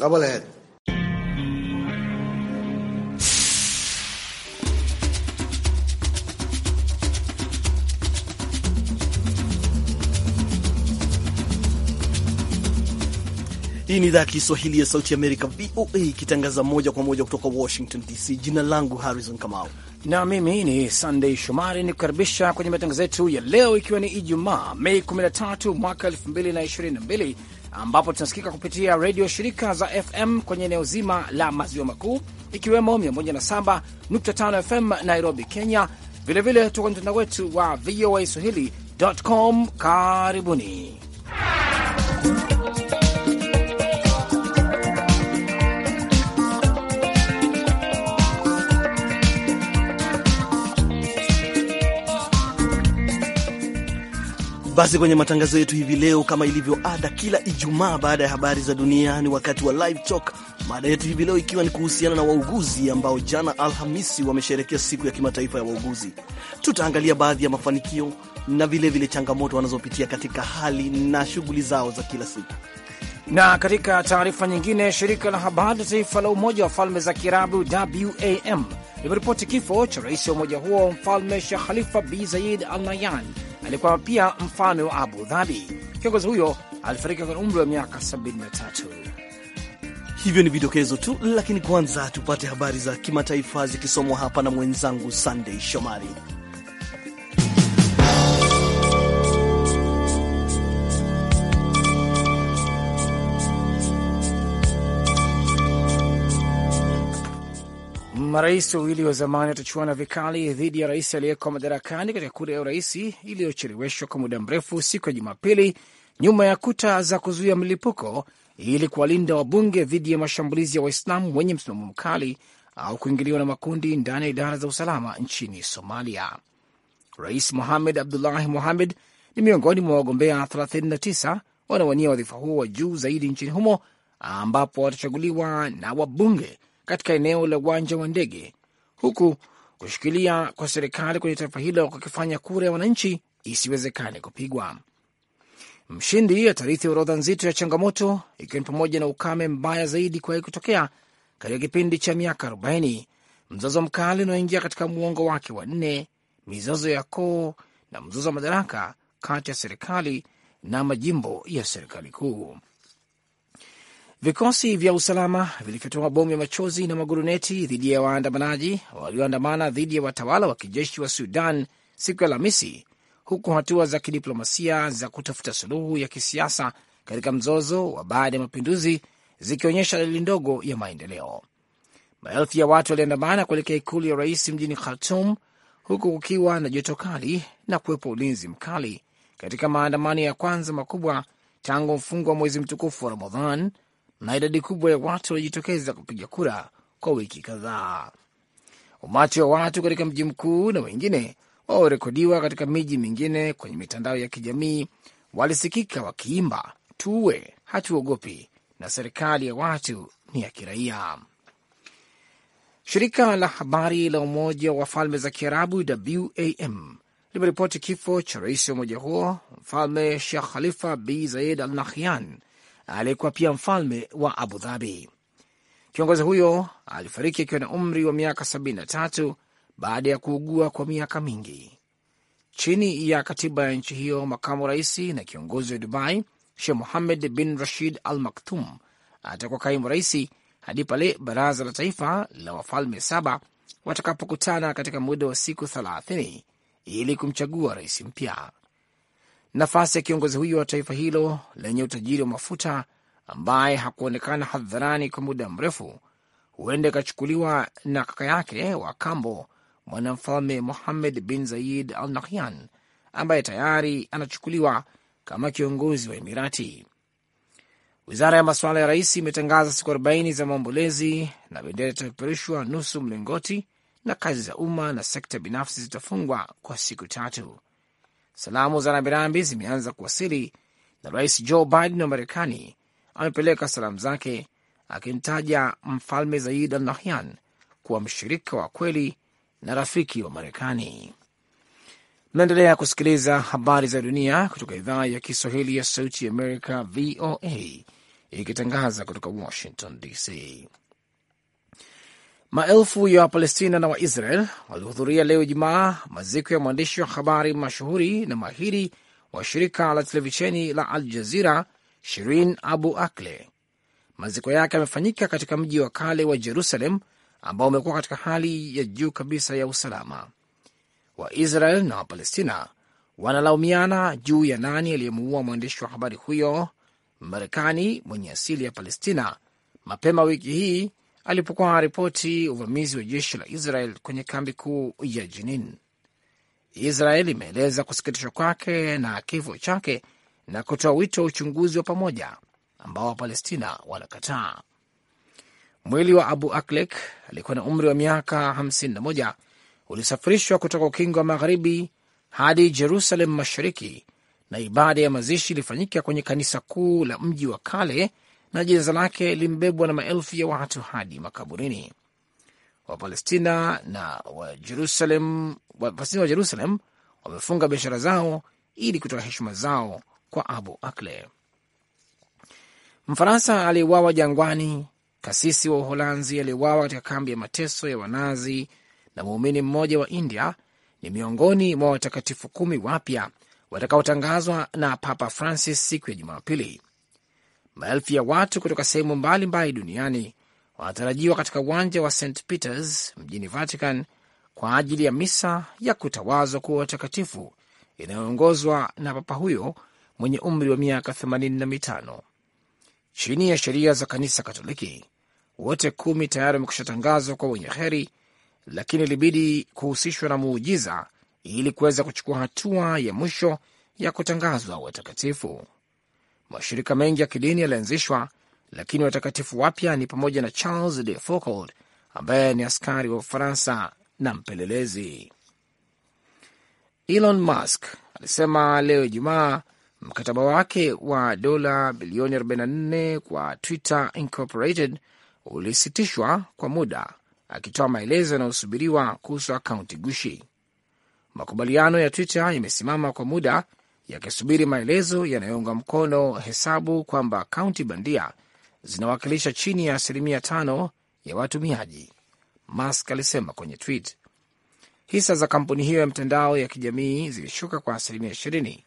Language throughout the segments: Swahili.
Doublehead. Hii ni idhaa ya Kiswahili ya Sauti Amerika, VOA, ikitangaza moja kwa moja kutoka Washington DC. Jina langu Harrison Kamau na mimi ni Sandey Shomari ni kukaribisha kwenye matangazo yetu ya leo, ikiwa ni Ijumaa Mei 13 mwaka 2022 ambapo tunasikika kupitia redio shirika za FM kwenye eneo zima la maziwa makuu ikiwemo 107.5 FM Nairobi, Kenya. Vilevile tuko kwenye mtandao wetu wa VOA swahili.com. Karibuni. Basi kwenye matangazo yetu hivi leo, kama ilivyo ada, kila Ijumaa baada ya habari za dunia ni wakati wa live talk, mada yetu hivi leo ikiwa ni kuhusiana na wauguzi ambao jana Alhamisi wamesherekea siku ya kimataifa ya wauguzi. Tutaangalia baadhi ya mafanikio na vilevile vile changamoto wanazopitia katika hali na shughuli zao za kila siku. Na katika taarifa nyingine, shirika la habari la taifa la Umoja wa Falme za Kiarabu WAM limeripoti kifo cha rais wa umoja huo mfalme Shekh Khalifa bin Zayed Al Nahyan alikuwa pia mfalme wa Abu Dhabi. Kiongozi huyo alifariki kwa umri wa miaka 73. Hivyo ni vidokezo tu, lakini kwanza tupate habari za kimataifa zikisomwa hapa na mwenzangu sandey Shomari. Marais wawili wa zamani watachuana vikali dhidi ya rais aliyeko madarakani katika kura ya urais iliyocheleweshwa kwa muda mrefu siku ya Jumapili nyuma ya kuta za kuzuia mlipuko ili kuwalinda wabunge dhidi ya mashambulizi ya Waislamu wenye msimamo mkali au kuingiliwa na makundi ndani ya idara za usalama nchini Somalia. Rais Mohamed Abdullahi Mohamed ni miongoni mwa wagombea 39 wanawania wadhifa huo wa juu zaidi nchini humo, ambapo watachaguliwa na wabunge katika eneo la uwanja wa ndege, huku kushikilia kwa serikali kwenye taifa hilo kukifanya kura ya wananchi isiwezekane kupigwa. Mshindi atarithi orodha nzito ya changamoto, ikiwa ni pamoja na ukame mbaya zaidi kuwahi kutokea katika kipindi cha miaka 40, mzozo mkali unaoingia katika muongo wake wa nne, mizozo ya koo na mzozo wa madaraka kati ya serikali na majimbo ya serikali kuu. Vikosi vya usalama vilifyatua mabomu ya machozi na maguruneti dhidi ya waandamanaji walioandamana dhidi ya watawala wa kijeshi wa Sudan siku ya Alhamisi, huku hatua za kidiplomasia za kutafuta suluhu ya kisiasa katika mzozo wa baada ya mapinduzi zikionyesha dalili ndogo ya maendeleo. Maelfu ya watu waliandamana kuelekea ikulu ya rais mjini Khartum, huku kukiwa na joto kali na kuwepo ulinzi mkali katika maandamano ya kwanza makubwa tangu mfungo wa mwezi mtukufu wa Ramadhan na idadi kubwa ya watu walijitokeza kupiga kura kwa wiki kadhaa. Umati wa watu katika mji mkuu na wengine waorekodiwa katika miji mingine kwenye mitandao ya kijamii walisikika wakiimba tuwe hatuogopi na serikali ya watu ni ya kiraia. Shirika la habari la Umoja wa Falme za Kiarabu WAM limeripoti kifo cha rais wa umoja huo Mfalme Shekh Khalifa bin Zayed Al Nahyan aliyekuwa pia mfalme wa Abu Dhabi. Kiongozi huyo alifariki akiwa na umri wa miaka 73 baada ya kuugua kwa miaka mingi. Chini ya katiba ya nchi hiyo, makamu rais na kiongozi wa Dubai Sheh muhamed bin Rashid Al Maktum atakuwa kaimu raisi hadi pale baraza la taifa la wafalme saba watakapokutana katika muda wa siku 30 ili kumchagua rais mpya nafasi ya kiongozi huyo wa taifa hilo lenye utajiri wa mafuta ambaye hakuonekana hadharani kwa muda mrefu huenda ikachukuliwa na kaka yake wa kambo mwanamfalme Mohammed bin Zayid Al Nahyan ambaye tayari anachukuliwa kama kiongozi wa Imirati. Wizara ya masuala ya rais imetangaza siku 40 za maombolezi na bendera itapeperushwa nusu mlingoti, na kazi za umma na sekta binafsi zitafungwa kwa siku tatu. Salamu za rambirambi zimeanza kuwasili na Rais Joe Biden wa Marekani amepeleka salamu zake akimtaja Mfalme Zaid Al Nahyan kuwa mshirika wa kweli na rafiki wa Marekani. Mnaendelea kusikiliza habari za dunia kutoka idhaa ya Kiswahili ya Sauti ya Amerika, VOA, ikitangaza kutoka Washington DC. Maelfu ya Wapalestina na Waisrael walihudhuria leo Ijumaa maziko ya mwandishi wa habari mashuhuri na mahiri wa shirika la televisheni la Al Jazira, Shirin Abu Akle. Maziko yake yamefanyika katika mji wa kale wa Jerusalem ambao umekuwa katika hali ya juu kabisa ya usalama. Waisrael na Wapalestina wanalaumiana juu ya nani aliyemuua mwandishi wa habari huyo Marekani mwenye asili ya Palestina mapema wiki hii alipokuwa aripoti uvamizi wa jeshi la Israel kwenye kambi kuu ya Jenin. Israel imeeleza kusikitishwa kwake na kifo chake na kutoa wito wa uchunguzi wa pamoja ambao Wapalestina wanakataa. Mwili wa Abu Aklek alikuwa na umri wa miaka 51 ulisafirishwa kutoka ukingo wa magharibi hadi Jerusalem mashariki na ibada ya mazishi ilifanyika kwenye kanisa kuu la mji wa kale na jeneza lake limbebwa na maelfu ya watu hadi makaburini. Wapalestina na Wapalestina wa Jerusalem wamefunga biashara zao ili kutoa heshima zao kwa Abu Akle, Mfaransa aliyeuawa jangwani, kasisi wa Uholanzi aliyeuawa katika kambi ya mateso ya Wanazi na muumini mmoja wa India ni miongoni mwa watakatifu kumi wapya watakaotangazwa na Papa Francis siku ya Jumapili, Maelfu ya watu kutoka sehemu mbalimbali duniani wanatarajiwa katika uwanja wa St Peters mjini Vatican kwa ajili ya misa ya kutawazwa kuwa watakatifu inayoongozwa na papa huyo mwenye umri wa miaka 85. Chini ya sheria za kanisa Katoliki, wote kumi tayari wamekusha tangazwa kwa wenye heri, lakini ilibidi kuhusishwa na muujiza ili kuweza kuchukua hatua ya mwisho ya kutangazwa watakatifu. Mashirika mengi ya kidini yalianzishwa, lakini watakatifu wapya ni pamoja na Charles de Foucauld ambaye ni askari wa Ufaransa na mpelelezi. Elon Musk alisema leo Ijumaa mkataba wake wa dola bilioni 44 kwa Twitter Incorporated ulisitishwa kwa muda, akitoa maelezo yanayosubiriwa kuhusu akaunti gushi. Makubaliano ya Twitter yamesimama kwa muda yakisubiri maelezo yanayounga mkono hesabu kwamba kaunti bandia zinawakilisha chini ya asilimia tano ya watumiaji. Musk alisema kwenye tweet, hisa za kampuni hiyo ya mtandao ya kijamii zilishuka kwa asilimia ishirini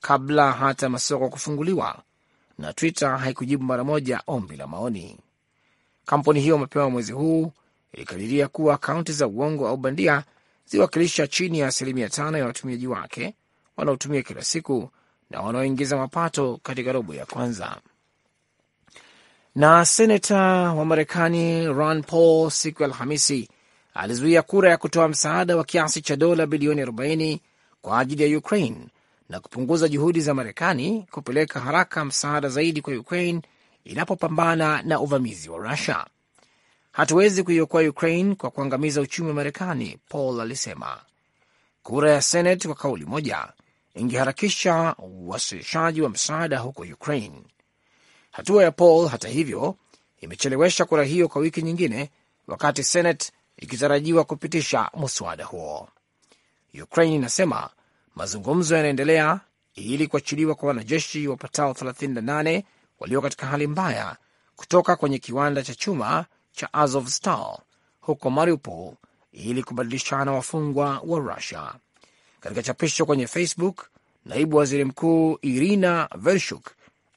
kabla hata masoko kufunguliwa, na Twitter haikujibu mara moja ombi la maoni. Kampuni hiyo mapema mwezi huu ilikadiria kuwa kaunti za uongo au bandia ziwakilisha chini ya asilimia tano ya watumiaji wake wanaotumia kila siku na wanaoingiza mapato katika robo ya kwanza. Na senata wa Marekani Ron Paul siku ya Alhamisi alizuia kura ya kutoa msaada wa kiasi cha dola bilioni 40 kwa ajili ya Ukraine na kupunguza juhudi za Marekani kupeleka haraka msaada zaidi kwa Ukraine inapopambana na uvamizi wa Rusia. Hatuwezi kuiokoa Ukraine kwa kuangamiza uchumi wa Marekani, Paul alisema. Kura ya Senate kwa kauli moja ingeharakisha uwasilishaji wa msaada huko Ukraine. Hatua ya Paul, hata hivyo, imechelewesha kura hiyo kwa wiki nyingine, wakati Senate ikitarajiwa kupitisha mswada huo. Ukraine inasema mazungumzo yanaendelea ili kuachiliwa kwa wanajeshi wapatao 38 walio katika hali mbaya kutoka kwenye kiwanda cha chuma cha Azovstal huko Mariupol ili kubadilishana wafungwa wa Rusia. Katika chapisho kwenye Facebook, naibu waziri mkuu Irina Vershuk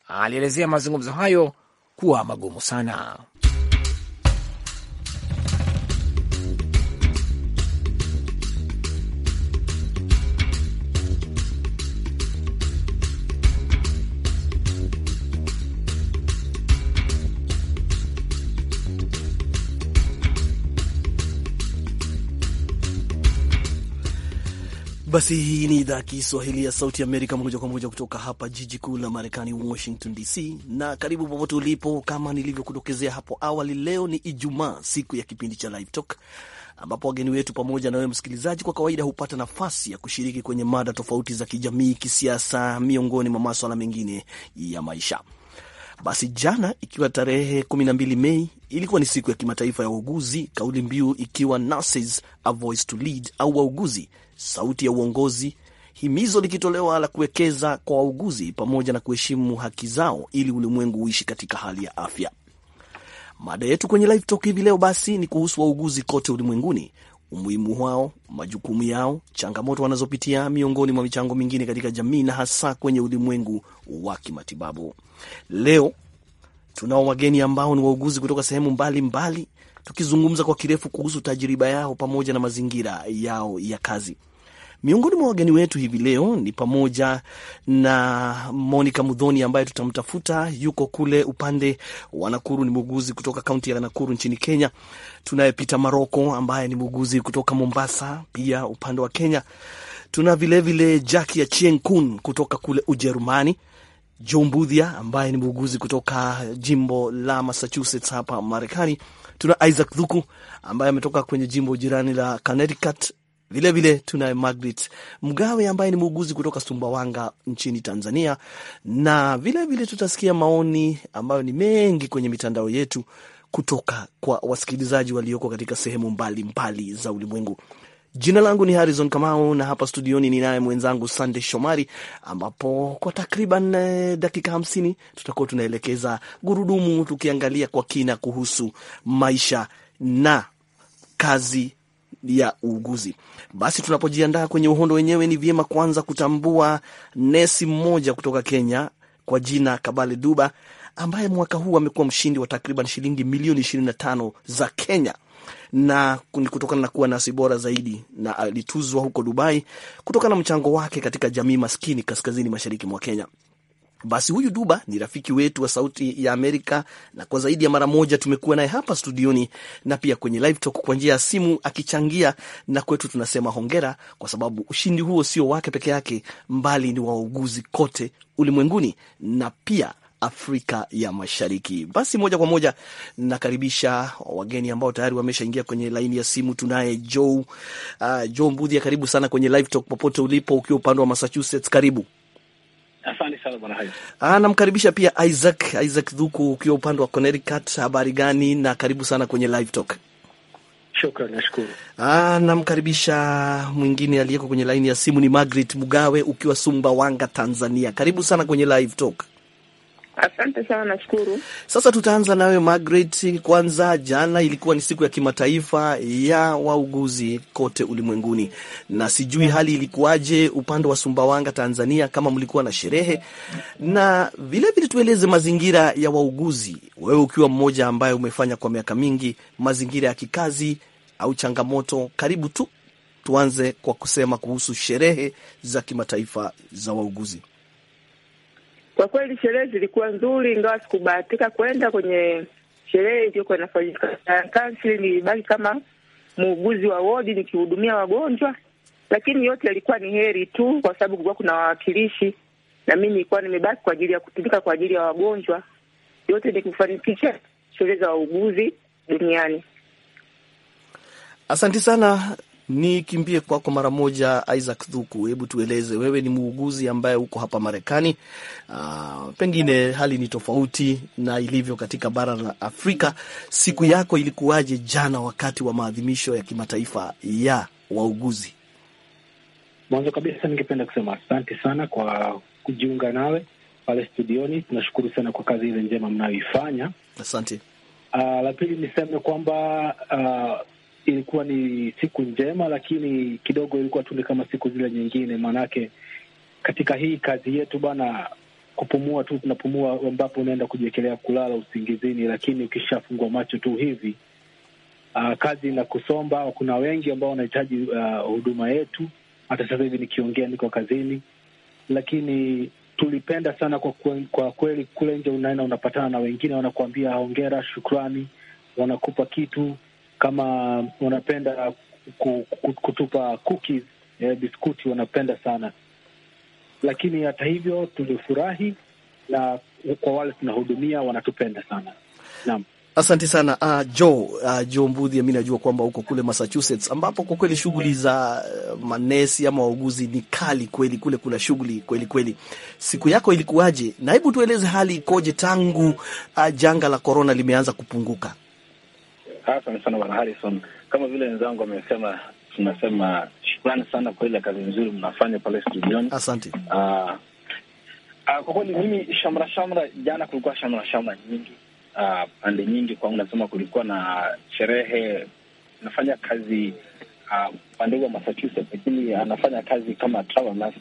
alielezea mazungumzo hayo kuwa magumu sana. Basi hii ni idhaa ya Kiswahili ya Sauti Amerika, moja kwa moja kutoka hapa jiji kuu la Marekani, Washington DC, na karibu popote ulipo. Kama nilivyokudokezea hapo awali, leo ni Ijumaa, siku ya kipindi cha Live Talk, ambapo wageni wetu pamoja na wewe msikilizaji, kwa kawaida hupata nafasi ya kushiriki kwenye mada tofauti za kijamii, kisiasa, miongoni mwa maswala mengine ya maisha. Basi jana ikiwa tarehe 12 Mei ilikuwa ni siku ya kimataifa ya wauguzi, kauli mbiu ikiwa Nurses, a Voice to Lead, au wauguzi sauti ya uongozi, himizo likitolewa la kuwekeza kwa wauguzi pamoja na kuheshimu haki zao ili ulimwengu uishi katika hali ya afya. Mada yetu kwenye Live Talk hivi leo basi ni kuhusu wauguzi kote ulimwenguni, umuhimu wao, majukumu yao, changamoto wanazopitia, miongoni mwa michango mingine katika jamii na hasa kwenye ulimwengu wa kimatibabu. Leo tunao wageni ambao ni wauguzi kutoka sehemu mbalimbali mbali, tukizungumza kwa kirefu kuhusu tajriba yao pamoja na mazingira yao ya kazi. Miongoni mwa wageni wetu hivi leo ni pamoja na Monica Mudhoni ambaye tutamtafuta, yuko kule upande wa Nakuru, ni muuguzi kutoka kaunti ya Nakuru nchini Kenya. Tunaye Peter Maroko ambaye ni muuguzi kutoka Mombasa, pia upande wa Kenya. Tuna vilevile Jackie Achienkun kutoka kule Ujerumani, Joe Mbudhia ambaye ni muuguzi kutoka jimbo la Massachusetts hapa Marekani, Tuna Isaac dhuku ambaye ametoka kwenye jimbo jirani la Connecticut. Vilevile tunaye Margaret Mgawe ambaye ni muuguzi kutoka Sumbawanga nchini Tanzania, na vilevile vile tutasikia maoni ambayo ni mengi kwenye mitandao yetu kutoka kwa wasikilizaji walioko katika sehemu mbalimbali mbali za ulimwengu. Jina langu ni Harrison Kamau na hapa studioni ninaye mwenzangu Sande Shomari, ambapo kwa takriban eh, dakika hamsini tutakuwa tunaelekeza gurudumu tukiangalia kwa kina kuhusu maisha na kazi ya uuguzi. Basi tunapojiandaa kwenye uhondo wenyewe, ni vyema kwanza kutambua nesi mmoja kutoka Kenya kwa jina Kabale Duba ambaye mwaka huu amekuwa mshindi wa takriban shilingi milioni 25 za Kenya na ni kutokana na kuwa nasi bora zaidi, na alituzwa huko Dubai kutokana na mchango wake katika jamii maskini kaskazini mashariki mwa Kenya. Basi huyu Duba ni rafiki wetu wa Sauti ya Amerika, na kwa zaidi ya mara moja tumekuwa naye hapa studioni na pia kwenye live talk kwa njia ya simu akichangia, na kwetu tunasema hongera, kwa sababu ushindi huo sio wake peke yake, mbali ni wauguzi kote ulimwenguni na pia Afrika ya Mashariki. Basi moja kwa moja nakaribisha wageni ambao tayari wameshaingia kwenye laini ya simu. Tunaye Joe uh, Joe Mbudhi, karibu sana kwenye Live Talk popote ulipo, ukiwa upande wa Massachusetts, karibu. Asante sana bwana Hayo. Ah, namkaribisha pia Isaac Isaac Dhuku, ukiwa upande wa Connecticut, habari gani? Na karibu sana kwenye Live Talk. Shukran, nashukuru. Ah, namkaribisha mwingine aliyeko kwenye laini ya simu ni Margaret Mugawe, ukiwa Sumbawanga, Tanzania, karibu sana kwenye Live Talk. Asante sana, nashukuru. Sasa tutaanza nawe Margaret. Kwanza, jana ilikuwa ni siku ya kimataifa ya wauguzi kote ulimwenguni, na sijui hali ilikuwaje upande wa Sumbawanga, Tanzania, kama mlikuwa na sherehe, na vilevile tueleze mazingira ya wauguzi, wewe ukiwa mmoja ambaye umefanya kwa miaka mingi, mazingira ya kikazi au changamoto. Karibu tu tuanze kwa kusema kuhusu sherehe za kimataifa za wauguzi. Kwa kweli sherehe zilikuwa nzuri, ingawa sikubahatika kwenda kwenye sherehe iliyokuwa inafanyika kansili. Nilibaki kama muuguzi wa wodi nikihudumia wagonjwa, lakini yote yalikuwa ni heri tu, kwa sababu kulikuwa kuna wawakilishi na mi nilikuwa nimebaki kwa ajili ya kutumika kwa ajili ya wagonjwa. Yote ni kufanikisha sherehe za wauguzi duniani. Asante sana Nikimbie kwako mara moja, Isaac Thuku, hebu tueleze, wewe ni muuguzi ambaye uko hapa Marekani. Uh, pengine hali ni tofauti na ilivyo katika bara la Afrika. Siku yako ilikuwaje jana wakati wa maadhimisho ya kimataifa ya wauguzi? Mwanzo kabisa ningependa kusema asante sana kwa kujiunga nawe pale studioni. Tunashukuru sana kwa kazi ile njema mnayoifanya, asante. Uh, la pili niseme kwamba uh, ilikuwa ni siku njema, lakini kidogo ilikuwa tu ni kama siku zile nyingine, maanake katika hii kazi yetu bana kupumua tu tunapumua, ambapo unaenda kujiekelea kulala usingizini, lakini ukishafungua macho tu hivi uh, kazi na kusomba. Kuna wengi ambao wanahitaji ah, huduma uh, yetu. Hata sasa hivi nikiongea niko kazini, lakini tulipenda sana kwa, kwen, kwa kweli kule nje unaenda unapatana na wengine wanakuambia hongera, shukrani, wanakupa kitu kama wanapenda kutupa cookies, eh, biskuti wanapenda sana. Lakini hata hivyo tulifurahi, na kwa wale tunahudumia wanatupenda sana. Naam. Asante sana uh, ah, Jo uh, ah, Jo Mbudhi, mi najua kwamba huko kule Massachusetts ambapo kwa kweli shughuli za eh, manesi ama wauguzi ni kali kweli, kule kuna shughuli kweli kweli. Siku yako ilikuwaje? Na hebu tueleze hali ikoje tangu uh, janga la korona limeanza kupunguka? Asante sana Bwana Harrison, kama vile wenzangu wamesema, tunasema shukrani sana kwa ile kazi nzuri mnafanya pale studioni. Asante. Uh, uh, kwa kweli mimi shamra shamra, jana kulikuwa shamra shamra nyingi uh, pande nyingi kwangu, nasema kulikuwa na sherehe. Nafanya kazi upande uh, upande wa Massachusetts, lakini anafanya kazi kama travel nurse.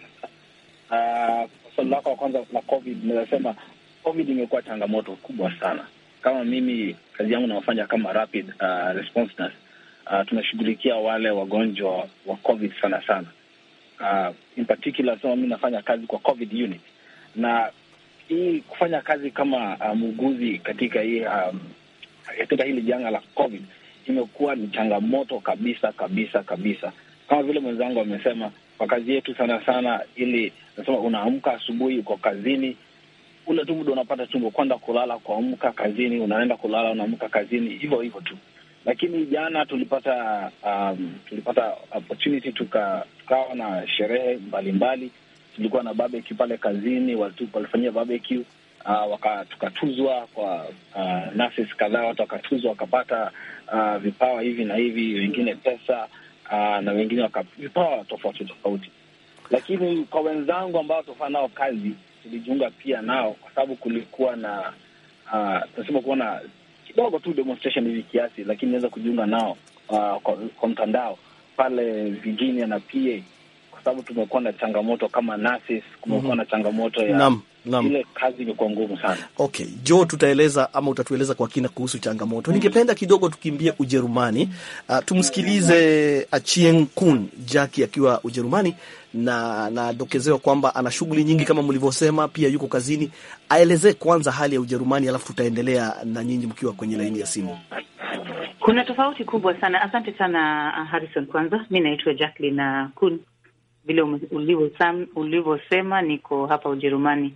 Uh, swali lako la kwanza la COVID, naweza sema COVID imekuwa changamoto kubwa sana kama mimi kazi yangu naofanya kama rapid uh, response nurse uh, tunashughulikia wale wagonjwa wa covid sana sana uh, in particular so mi nafanya kazi kwa covid unit na hii kufanya kazi kama uh, muuguzi katika hii um, katika hili janga la covid imekuwa ni changamoto kabisa kabisa kabisa, kama vile mwenzangu amesema, kwa kazi yetu sana sana, ili nasema, unaamka asubuhi, uko kazini, ule tu muda unapata tumbo, kwenda kulala, kuamka kazini, unaenda kulala, unaamka kazini, hivyo hivyo tu. Lakini jana tulipata um, tulipata opportunity tuka, tukawa na sherehe mbalimbali, tulikuwa na barbecue pale kazini, walifanyia barbecue Uh, waka, tukatuzwa kwa uh, nurses kadhaa, watu wakatuzwa wakapata uh, vipawa hivi na hivi, wengine pesa uh, na wengine waka, vipawa tofauti tofauti. Lakini kwa wenzangu ambao tufanya nao kazi tulijiunga pia nao kwa sababu kulikuwa na uh, tunasema kuona kidogo tu demonstration hivi kiasi, lakini naweza kujiunga nao uh, kwa, kwa mtandao pale Virginia na PA kwa sababu tumekuwa na changamoto kama nurses, kumekuwa mm -hmm. na changamoto ya Nam ile kazi imekuwa ngumu sana. Okay, Jo, tutaeleza ama utatueleza kwa kina kuhusu changamoto. Ningependa kidogo tukimbie Ujerumani. Uh, tumsikilize Achien Kun Jackie akiwa Ujerumani na nadokezewa kwamba ana shughuli nyingi kama mlivyosema, pia yuko kazini. Aelezee kwanza hali ya Ujerumani, alafu tutaendelea na nyinyi mkiwa kwenye laini ya simu. Kuna tofauti kubwa sana. Asante sana Harrison. Kwanza mi naitwa Jacqueline Kun, vile ulivyosema, niko hapa Ujerumani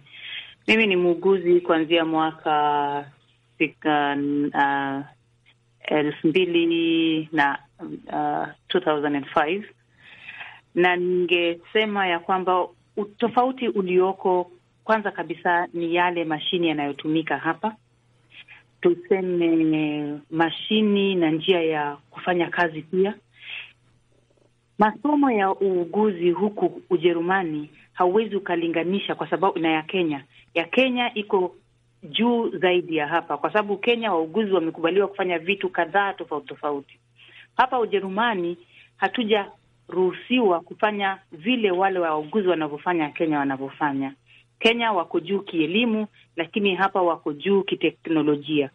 mimi ni muuguzi kuanzia mwaka uh, elfu mbili na uh, 2005 na ningesema ya kwamba tofauti ulioko kwanza kabisa ni yale mashini yanayotumika hapa, tuseme mashini na njia ya kufanya kazi. Pia masomo ya uuguzi huku Ujerumani hauwezi ukalinganisha kwa sababu na ya Kenya, ya Kenya iko juu zaidi ya hapa, kwa sababu Kenya wauguzi wamekubaliwa kufanya vitu kadhaa tofauti tofauti. Hapa Ujerumani hatujaruhusiwa kufanya vile wale wauguzi wanavyofanya Kenya wanavyofanya. Kenya wako juu kielimu, lakini hapa wako juu kiteknolojia.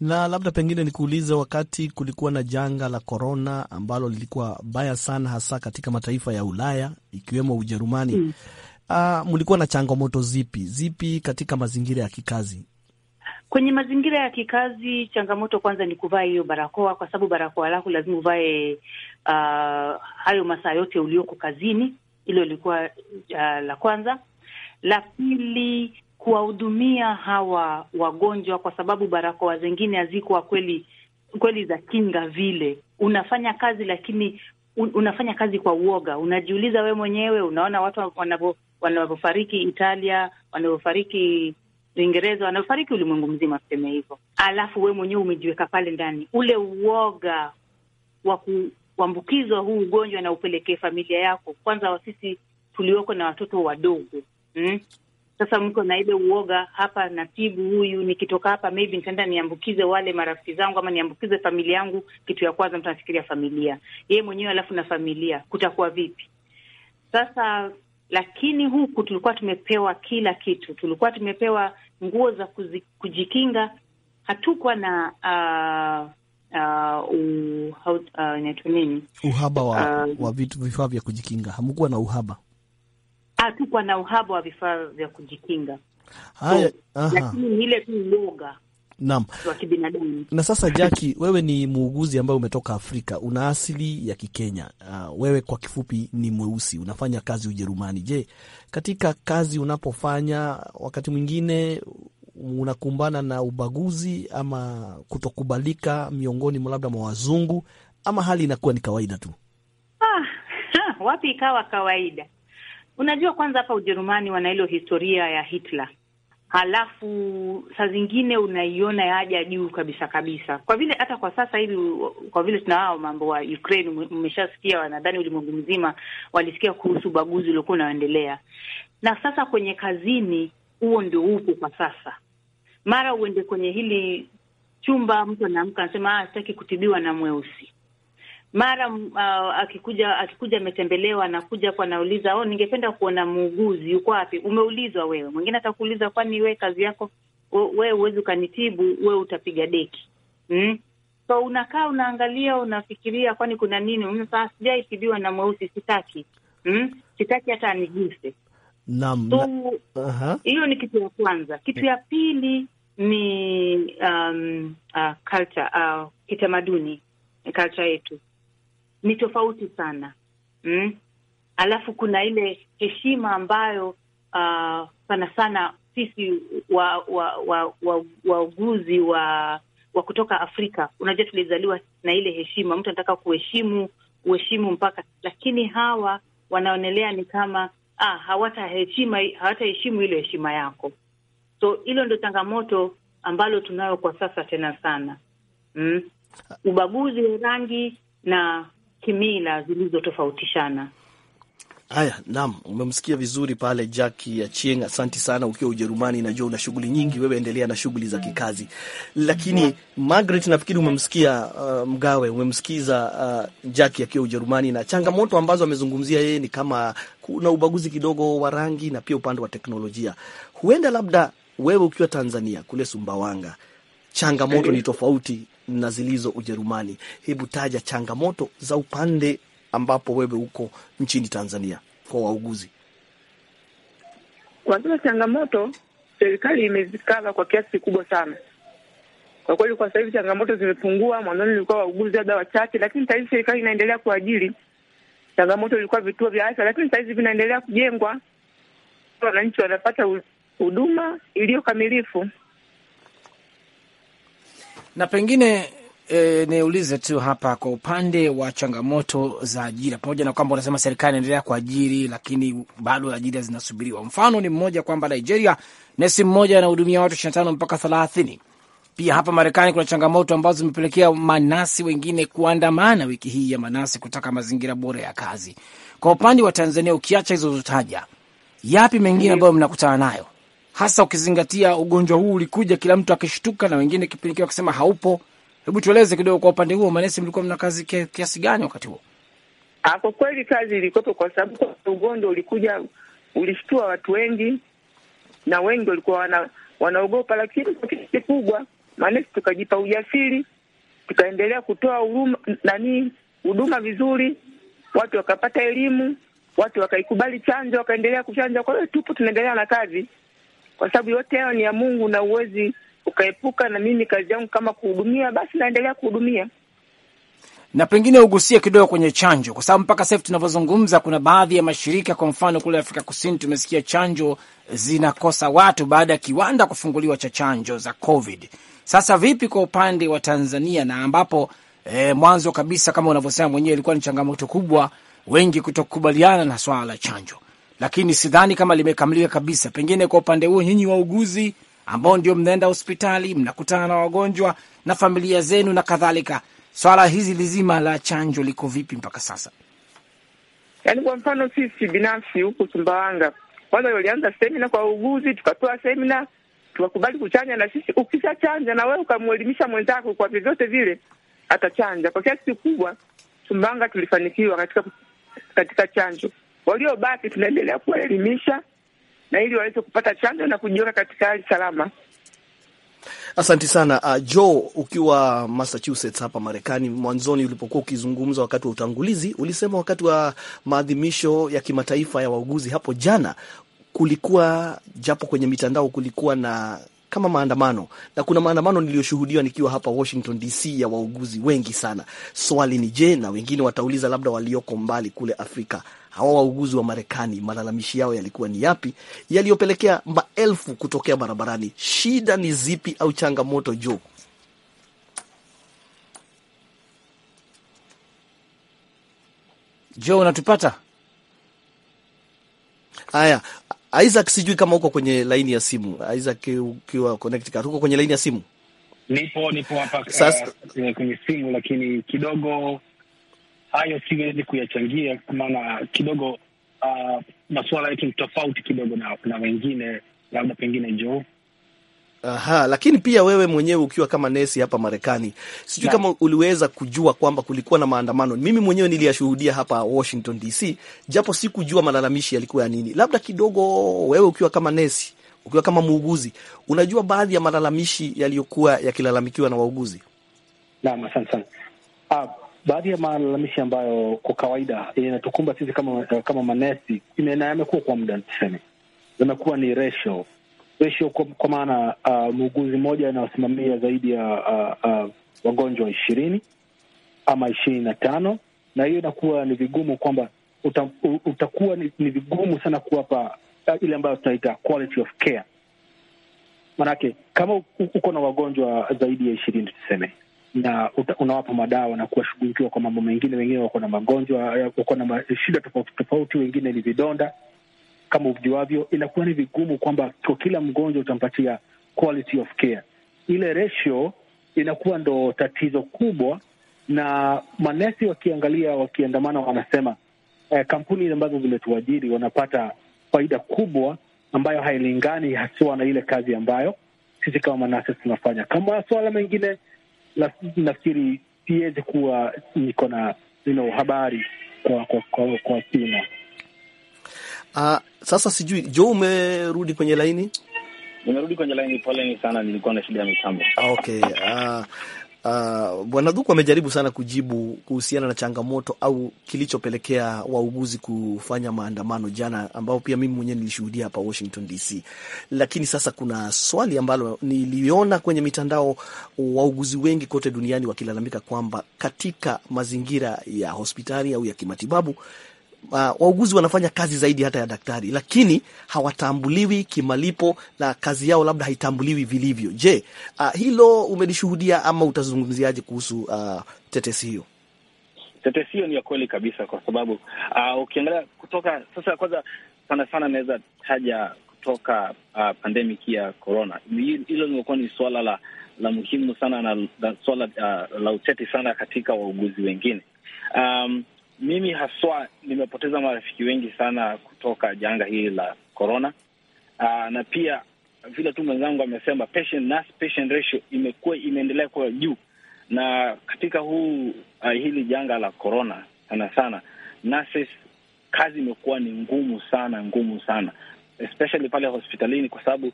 Na labda pengine nikuulize, wakati kulikuwa na janga la korona ambalo lilikuwa baya sana, hasa katika mataifa ya Ulaya ikiwemo Ujerumani mm uh, ah, mlikuwa na changamoto zipi zipi katika mazingira ya kikazi? Kwenye mazingira ya kikazi, changamoto kwanza ni kuvaa hiyo barakoa, kwa sababu barakoa lako lazima uvae uh, hayo masaa yote ulioko kazini. Hilo ilikuwa uh, ah, la kwanza. La pili, kuwahudumia hawa wagonjwa, kwa sababu barakoa zingine hazikuwa kweli kweli za kinga vile. Unafanya kazi lakini un, unafanya kazi kwa uoga, unajiuliza we mwenyewe, unaona watu wanavyo wanavyofariki Italia, wanavyofariki Uingereza, wanavyofariki ulimwengu mzima, tuseme hivyo. Alafu we mwenyewe umejiweka pale ndani, ule uoga wa kuambukizwa huu ugonjwa na upelekee familia yako. Kwanza sisi tulioko na watoto wadogo mm? Sasa mko na ile uoga, hapa natibu huyu, nikitoka hapa maybe nitaenda niambukize wale marafiki zangu ama niambukize familia yangu. Kitu ya kwanza mtu anafikiria familia, yeye mwenyewe, alafu na familia, kutakuwa vipi? Sasa lakini huku tulikuwa tumepewa kila kitu, tulikuwa tumepewa nguo za kujikinga, hatukuwa na uh, uh, uh, uh, inaitwa nini, uhaba wa, uh, wa vitu vifaa vya kujikinga. Hamkuwa na uhaba, hatukuwa na uhaba wa vifaa vya kujikinga. Haya, so, lakini ile tu uoga Naam. wa kibinadamu. Na sasa jaki wewe ni muuguzi ambaye umetoka Afrika, una asili ya Kikenya. Uh, wewe kwa kifupi ni mweusi, unafanya kazi Ujerumani. Je, katika kazi unapofanya, wakati mwingine unakumbana na ubaguzi ama kutokubalika miongoni labda mwa wazungu ama hali inakuwa ni kawaida tu? Ah, ha, wapi ikawa kawaida. Unajua, kwanza hapa Ujerumani wana ile historia ya Hitler halafu saa zingine unaiona haja juu kabisa kabisa, kwa vile hata kwa sasa hivi, kwa vile tuna wao mambo wa Ukraine, mmeshasikia, nadhani ulimwengu mzima walisikia kuhusu ubaguzi uliokuwa unaoendelea, na sasa kwenye kazini, huo ndio upo kwa sasa. Mara uende kwenye hili chumba, mtu anaamka anasema, ah, sitaki kutibiwa na mweusi mara uh, akikuja akikuja ametembelewa, anakuja hapo anauliza, oh, ningependa kuona muuguzi, yuko wapi? Umeulizwa wewe. Mwingine atakuuliza, kwani wee kazi yako wewe huwezi ukanitibu, wewe utapiga deki mm? So unakaa unaangalia, unafikiria, kwani kuna nini? Sijaitibiwa na mweusi, sitaki mm? sitaki hata aniguse. Naam, so hiyo ni kitu ya kwanza. Kitu ya pili ni um, uh, culture, uh, kitamaduni, culture yetu ni tofauti sana mm? Alafu kuna ile heshima ambayo uh, sana sana sisi wauguzi wa, wa, wa, wa, wa, wa kutoka Afrika, unajua tulizaliwa na ile heshima, mtu anataka kuheshimu uheshimu mpaka, lakini hawa wanaonelea ni kama ah, hawataheshima hawataheshimu ile heshima yako. So hilo ndio changamoto ambalo tunayo kwa sasa tena sana mm? Ubaguzi wa rangi na kimila zilizotofautishana. Haya, naam, umemsikia vizuri pale Jackie Achieng. Asanti sana, ukiwa Ujerumani najua una shughuli nyingi wewe, endelea na shughuli za kikazi. Lakini Margaret, nafikiri umemsikia uh, Mgawe, umemsikiza uh, Jackie akiwa Ujerumani, na changamoto ambazo amezungumzia yeye ni kama kuna ubaguzi kidogo wa rangi na pia upande wa teknolojia. Huenda labda wewe ukiwa Tanzania kule Sumbawanga changamoto ni tofauti na zilizo Ujerumani. Hebu taja changamoto za upande ambapo wewe uko nchini Tanzania kwa wauguzi. Kwa zile changamoto, serikali imezikava kwa kiasi kikubwa sana. Kwa kweli, kwa sahivi changamoto zimepungua. Mwanzoni ilikuwa wauguzi labda wachache, lakini sasa serikali inaendelea kuajiri. Changamoto ilikuwa vituo vya afya, lakini sahizi vinaendelea kujengwa, wananchi wanapata huduma iliyo kamilifu na pengine E, niulize tu hapa kwa upande wa changamoto za ajira, pamoja na kwamba unasema serikali inaendelea kuajiri, lakini bado ajira zinasubiriwa. Mfano ni mmoja kwamba Nigeria nesi mmoja anahudumia watu ishirini na tano mpaka thelathini. Pia hapa Marekani kuna changamoto ambazo zimepelekea manasi wengine kuandamana wiki hii ya manasi kutaka mazingira bora ya kazi. Kwa upande wa Tanzania, ukiacha hizo zotaja, yapi mengine ambayo mnakutana nayo? hasa ukizingatia ugonjwa huu ulikuja kila mtu akishtuka, na wengine kipindi kile wakisema haupo. Hebu tueleze kidogo kwa upande huo, manesi, mlikuwa mna kazi kiasi gani wakati huo? Ah, kwa kweli kazi ilikuwepo, kwa sababu ugonjwa ulikuja, ulishtua watu wengi na wengi walikuwa wana, wanaogopa, lakini kwa kitu kikubwa manesi tukajipa ujasiri, tukaendelea kutoa huruma nani huduma vizuri, watu wakapata elimu, watu wakaikubali chanjo, wakaendelea kuchanja. Kwa hiyo tupo tunaendelea na kazi kwa sababu yote hayo ni ya Mungu na uwezi ukaepuka. Na mimi kazi yangu kama kuhudumia, basi naendelea kuhudumia. Na pengine ugusie kidogo kwenye chanjo, kwa sababu mpaka sasa hivi tunavyozungumza, kuna baadhi ya mashirika, kwa mfano kule Afrika Kusini tumesikia chanjo zinakosa watu baada ya kiwanda kufunguliwa cha chanjo za COVID. Sasa vipi kwa upande wa Tanzania na ambapo E, mwanzo kabisa kama unavyosema mwenyewe ilikuwa ni changamoto kubwa, wengi kutokubaliana na swala la chanjo lakini sidhani kama limekamilika kabisa. Pengine kwa upande huo, nyinyi wauguzi ambao ndio mnaenda hospitali, mnakutana na wagonjwa na familia zenu na kadhalika, swala hizi lizima la chanjo liko vipi mpaka sasa? Yaani, kwa mfano sisi binafsi huku Sumbawanga, kwanza walianza semina kwa wauguzi, tukatoa semina tukakubali kuchanja na sisi. Ukishachanja na wewe ukamwelimisha mwenzako kwa vyovyote vile atachanja. Kwa kiasi kikubwa Sumbawanga tulifanikiwa katika katika chanjo. Waliobaki tunaendelea kuwaelimisha na ili waweze kupata chanjo na kujiweka katika hali salama. asanti sana uh, Joe ukiwa Massachusetts hapa Marekani. Mwanzoni ulipokuwa ukizungumza wakati wa utangulizi, ulisema wakati wa maadhimisho ya kimataifa ya wauguzi hapo jana kulikuwa, japo kwenye mitandao kulikuwa na kama maandamano, na kuna maandamano niliyoshuhudiwa nikiwa hapa Washington DC ya wauguzi wengi sana. Swali ni je, na wengine watauliza labda walioko mbali kule Afrika, hawa wauguzi wa Marekani malalamishi yao yalikuwa ni yapi yaliyopelekea maelfu kutokea barabarani? Shida ni zipi au changamoto jo? Jo, unatupata? Haya, Isaac, sijui kama uko kwenye laini ya simu. Isaac, ukiwa connected, uko kwenye laini ya simu? Nipo, nipo hapa uh, sasa kwenye simu, lakini kidogo hayo siwezi kuyachangia kwa maana kidogo uh, masuala yetu ni tofauti kidogo na, na wengine labda pengine jo Aha, lakini pia wewe mwenyewe ukiwa kama nesi hapa Marekani, sijui kama uliweza kujua kwamba kulikuwa na maandamano. Mimi mwenyewe niliyashuhudia hapa Washington DC, japo sikujua malalamishi yalikuwa ya nini. Labda kidogo, wewe ukiwa kama nesi, ukiwa kama muuguzi, unajua baadhi ya malalamishi yaliyokuwa yakilalamikiwa na wauguzi? Naam, asante sana. Uh, baadhi ya malalamishi ambayo kwa kawaida inatukumba sisi kama eh, kama manesi, yamekuwa kwa muda tuseme, yamekuwa ni ratio ratio kwa maana uh, muuguzi mmoja anaosimamia zaidi ya uh, uh, wagonjwa ishirini ama ishirini na tano na hiyo inakuwa ni vigumu kwamba uta, utakuwa ni, ni vigumu sana kuwapa uh, ile ambayo tunaita quality of care. kama uko na wagonjwa zaidi ya ishirini tuseme, na unawapa madawa na kuwashughulikiwa kwa mambo mengine, wengine wako na magonjwa, wako na shida tofauti tofauti, wengine ni vidonda kama ujuavyo, inakuwa ni vigumu kwamba kwa kila mgonjwa utampatia quality of care. Ile ratio inakuwa ndo tatizo kubwa, na manesi wakiangalia, wakiandamana, wanasema eh, kampuni ambazo zimetuajiri wanapata faida kubwa ambayo hailingani haswa na ile kazi ambayo sisi kama manasi tunafanya. Kama masuala mengine, nafikiri siwezi kuwa niko na you know, habari kwa kwa kwa, kwa kina. Uh, sasa sijui Jo, umerudi kwenye laini? Nimerudi kwenye laini, poleni sana, nilikuwa na shida ya mitambo. Ah, okay. Uh, uh, Bwana Dhuku amejaribu sana kujibu kuhusiana na changamoto au kilichopelekea wauguzi kufanya maandamano jana, ambao pia mimi mwenyewe nilishuhudia hapa Washington DC. Lakini sasa kuna swali ambalo niliona kwenye mitandao, wauguzi wengi kote duniani wakilalamika kwamba katika mazingira ya hospitali au ya kimatibabu uh, wauguzi wanafanya kazi zaidi hata ya daktari, lakini hawatambuliwi kimalipo na kazi yao labda haitambuliwi vilivyo. Je, uh, hilo umelishuhudia ama utazungumziaje kuhusu uh, tetesi hiyo? Tetesi hiyo ni ya kweli kabisa, kwa sababu uh, ukiangalia kutoka sasa, kwanza sana sana naweza taja kutoka uh, pandemic ya corona, hilo limekuwa ni suala la la muhimu sana na, na suala uh, la uteti sana katika wauguzi wengine um, mimi haswa nimepoteza marafiki wengi sana kutoka janga hili la korona. Uh, ah, na pia vile tu mwenzangu amesema patient nurse patient ratio imekuwa imeendelea kuwa juu, na katika huu uh, hili janga la korona sana sana nurses, kazi imekuwa ni ngumu sana ngumu sana especially pale hospitalini kwa sababu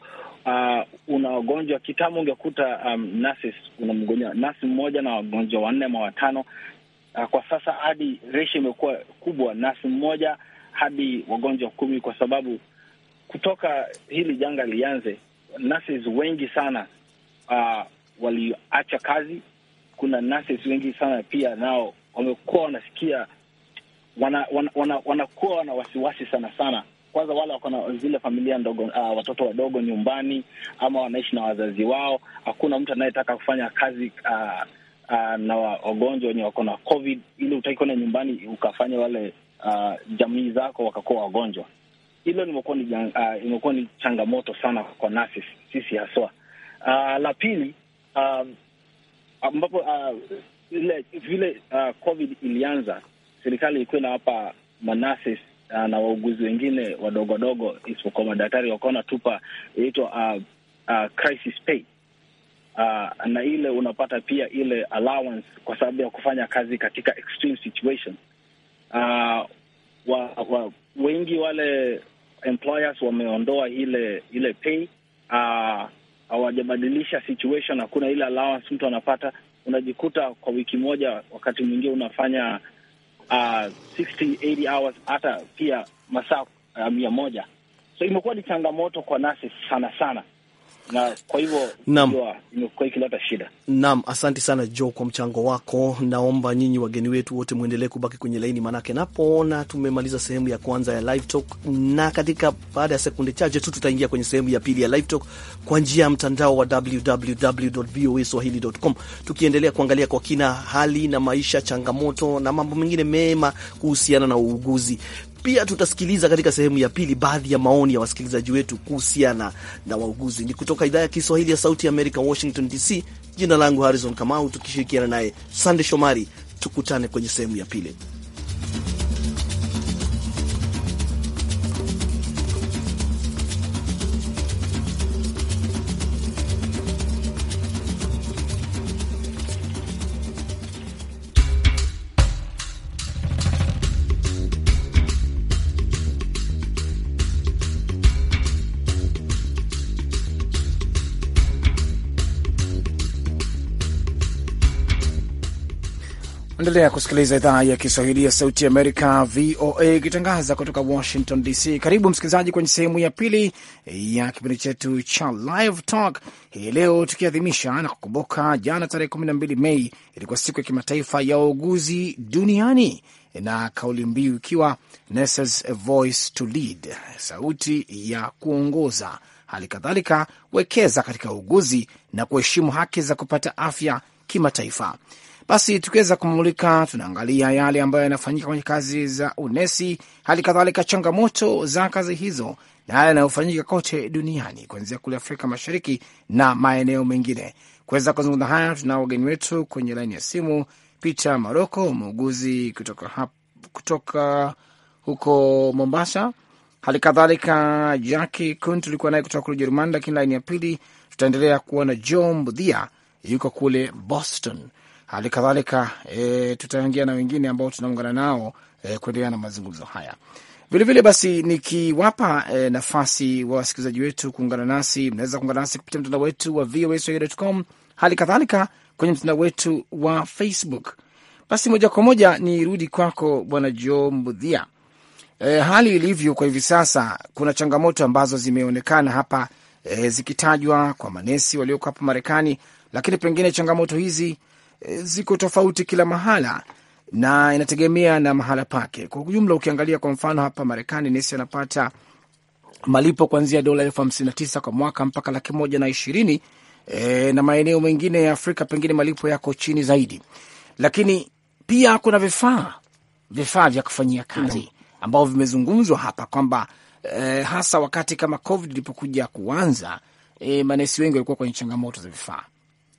uh, una wagonjwa kitambo ungekuta um, nurses, una mgonjwa nurse mmoja na wagonjwa wanne ama watano. Ah, kwa sasa hadi resha imekuwa kubwa, nasi mmoja hadi wagonjwa kumi, kwa sababu kutoka hili janga lianze, nurses wengi sana uh, waliacha kazi. Kuna nurses wengi sana pia nao wamekuwa wanasikia wana, wana, wana, wanakuwa wana wasiwasi sana sana. Kwanza wale wako na zile familia ndogo, uh, watoto wadogo nyumbani ama wanaishi na wazazi wao. Hakuna mtu anayetaka kufanya kazi uh, uh, na wagonjwa wenye wako na COVID, ili utaki kwenda nyumbani ukafanya wale uh, jamii zako wakakuwa wagonjwa. Hilo ni, uh, imekuwa ni changamoto sana kwa nasi sisi haswa. Uh, la pili uh, ambapo uh, ile vile uh, COVID ilianza, serikali ilikuwa inawapa manasi uh, na wauguzi wengine wadogo wadogo, isipokuwa madaktari, wakaona tupa inaitwa uh, uh, crisis pay uh, na ile unapata pia ile allowance kwa sababu ya kufanya kazi katika extreme situation. Uh, wa, wa, wengi wale employers wameondoa ile ile pay uh, hawajabadilisha situation, hakuna ile allowance mtu anapata. Unajikuta kwa wiki moja, wakati mwingine unafanya uh, 60 80 hours, hata pia masaa uh, mia moja. So imekuwa ni changamoto kwa nasi sana sana na kwa hivyo imekuwa ikileta shida. Naam, asante sana Joe kwa mchango wako. Naomba nyinyi wageni wetu wote mwendelee kubaki kwenye laini, manake napoona tumemaliza sehemu ya kwanza ya live talk, na katika baada ya sekunde chache tu tutaingia kwenye sehemu ya pili ya live talk kwa njia ya mtandao wa www.voaswahili.com, tukiendelea kuangalia kwa kina hali na maisha, changamoto na mambo mengine mema kuhusiana na uuguzi. Pia tutasikiliza katika sehemu ya pili baadhi ya maoni ya wasikilizaji wetu kuhusiana na wauguzi. Ni kutoka idhaa ya Kiswahili ya Sauti ya Amerika, Washington DC. Jina langu Harrison Kamau, tukishirikiana naye Sande Shomari. Tukutane kwenye sehemu ya pili. Endelea kusikiliza idhaa ya Kiswahili ya Sauti ya Amerika, VOA, ikitangaza kutoka Washington DC. Karibu msikilizaji kwenye sehemu ya pili ya kipindi chetu cha Live Talk hii leo, tukiadhimisha na kukumbuka jana, tarehe 12 Mei ilikuwa siku ya kimataifa ya wauguzi duniani, na kauli mbiu ikiwa Nurses a Voice to Lead, sauti ya kuongoza. Hali kadhalika wekeza katika uuguzi na kuheshimu haki za kupata afya kimataifa. Basi tukiweza kumulika, tunaangalia yale ambayo yanafanyika kwenye kazi za unesi, hali kadhalika changamoto za kazi hizo na yale yanayofanyika kote duniani, kuanzia kule Afrika Mashariki na maeneo mengine. Kuweza kuzungumza haya, tuna wageni wetu kwenye laini ya simu, Peter Maroko, muuguzi kutoka, hap, kutoka huko Mombasa, hali kadhalika Jaki Kun tulikuwa naye kutoka kule Ujerumani, lakini laini ya pili tutaendelea kuwa na Jo Mbudhia yuko kule Boston. Hali kadhalika e, tutaongea na wengine ambao tunaungana nao e, kuendelea na mazungumzo haya vilevile vile basi, nikiwapa e, nafasi wa wasikilizaji wetu kuungana nasi. Mnaweza kuungana nasi kupitia mtandao wetu wa voaswahili.com, hali kadhalika kwenye mtandao wetu wa Facebook. Basi moja kwa moja ni rudi kwako Bwana Jo Mbudhia. E, hali ilivyo kwa hivi sasa, kuna changamoto ambazo zimeonekana hapa e, zikitajwa kwa manesi walioko hapa Marekani, lakini pengine changamoto hizi Eh, ziko tofauti kila mahala na inategemea na mahala pake. Kwa ujumla, ukiangalia kwa mfano hapa Marekani, nesi anapata malipo kuanzia dola elfu hamsini na tisa kwa mwaka mpaka laki moja na ishirini e, na maeneo mengine ya Afrika pengine malipo yako chini zaidi, lakini pia kuna vifaa vifaa vya kufanyia kazi ambavyo vimezungumzwa hapa kwamba e, hasa wakati kama COVID ilipokuja kuanza e, manesi wengi walikuwa kwenye changamoto za vifaa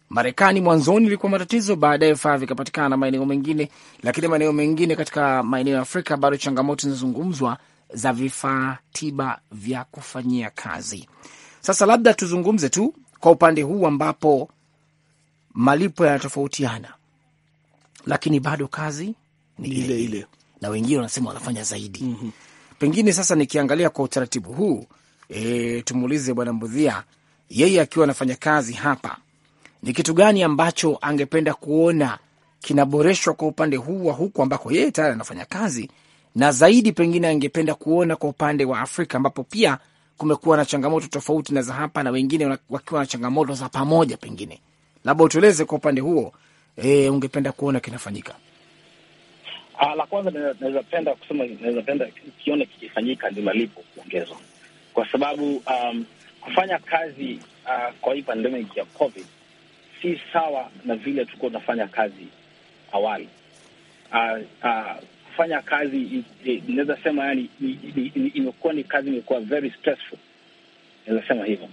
Marekani mwanzoni ilikuwa matatizo, baadaye vifaa vikapatikana maeneo mengine, lakini maeneo mengine katika maeneo ya Afrika bado changamoto zinazungumzwa za vifaa tiba vya kufanyia kazi. Sasa labda tuzungumze tu kwa upande huu ambapo malipo yanatofautiana, lakini bado kazi ni ile ile, na wengine wanasema wanafanya zaidi. mm -hmm. Pengine sasa nikiangalia kwa utaratibu huu e, tumuulize Bwana Mbudhia, yeye akiwa anafanya kazi hapa ni kitu gani ambacho angependa kuona kinaboreshwa kwa upande huu wa huku ambako yeye tayari anafanya kazi, na zaidi pengine angependa kuona kwa upande wa Afrika ambapo pia kumekuwa na changamoto tofauti na za hapa na wengine wakiwa na changamoto za pamoja. Pengine labda utueleze kwa upande huo, e, ungependa kuona kinafanyika. Ah, la kwanza naweza penda kusema, naweza penda kione kikifanyika ni malipo kuongezwa, kwa sababu um, kufanya kazi uh, kwa hii pandemic ya COVID si sawa na vile tulikuwa tunafanya kazi awali. Uh, uh, kufanya kazi inaweza sema yani, imekuwa ni kazi imekuwa very stressful, naweza sema hivyo.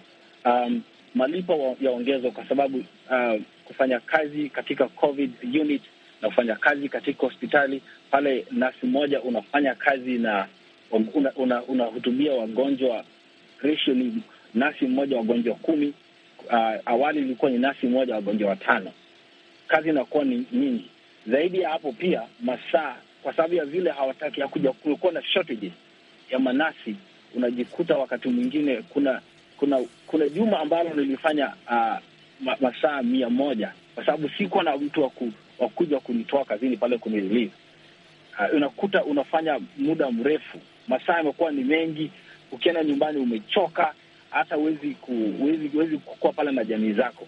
Um, malipo yaongezwa kwa sababu uh, kufanya kazi katika covid unit na kufanya kazi katika hospitali pale, nasi moja unafanya kazi na unahutubia una, una wagonjwa ratio ni nasi mmoja wagonjwa kumi uh, awali ilikuwa ni nasi moja wagonjwa watano. Kazi inakuwa ni nyingi zaidi ya hapo. Pia masaa, kwa sababu ya vile hawataki hakuja, kulikuwa na ya manasi. Unajikuta wakati mwingine kuna kuna kuna juma ambalo nilifanya uh, masaa mia moja kwa sababu sikuwa na mtu wa kuja kunitoa kazini pale kunirelease. Uh, unakuta unafanya muda mrefu, masaa yamekuwa ni mengi, ukienda nyumbani umechoka hata huwezi huwezi kukua pale na jamii zako.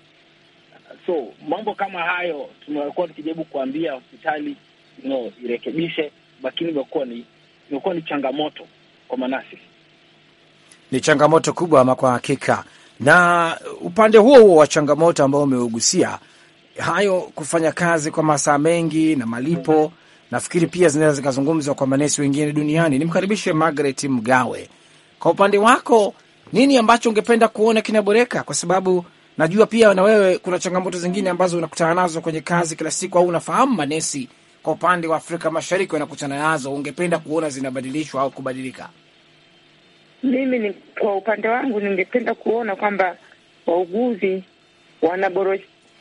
So mambo kama hayo tumekuwa tukijaribu kuambia hospitali no irekebishe, lakini imekuwa ni imekuwa ni changamoto kwa manasi, ni changamoto kubwa ama kwa hakika. Na upande huo huo wa changamoto ambao umeugusia hayo, kufanya kazi kwa masaa mengi na malipo mm -hmm. Nafikiri pia zinaweza zikazungumzwa kwa manesi wengine duniani. Nimkaribishe Margaret Mgawe, kwa upande wako nini ambacho ungependa kuona kinaboreka? Kwa sababu najua pia na wewe kuna changamoto zingine ambazo unakutana nazo kwenye kazi kila siku, au unafahamu manesi kwa upande wa Afrika Mashariki wanakutana nazo, ungependa kuona zinabadilishwa au kubadilika? Mimi ni kwa upande wangu, ningependa kuona kwamba wauguzi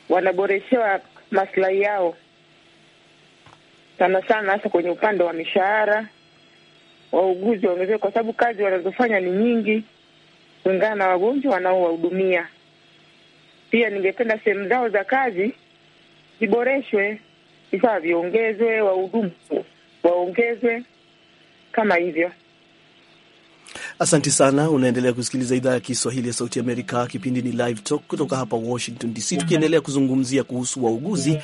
wanaboreshewa maslahi yao sana sana, hasa kwenye upande wa mishahara, wauguzi waongezewe kwa sababu kazi wanazofanya ni nyingi kulingana na wagonjwa wanaowahudumia. Pia ningependa sehemu zao za kazi ziboreshwe, vifaa viongezwe, wahudumu waongezwe kama hivyo. Asanti sana. Unaendelea kusikiliza idhaa ya Kiswahili ya Sauti Amerika. Kipindi ni Live Talk kutoka hapa Washington DC, tukiendelea kuzungumzia kuhusu wauguzi,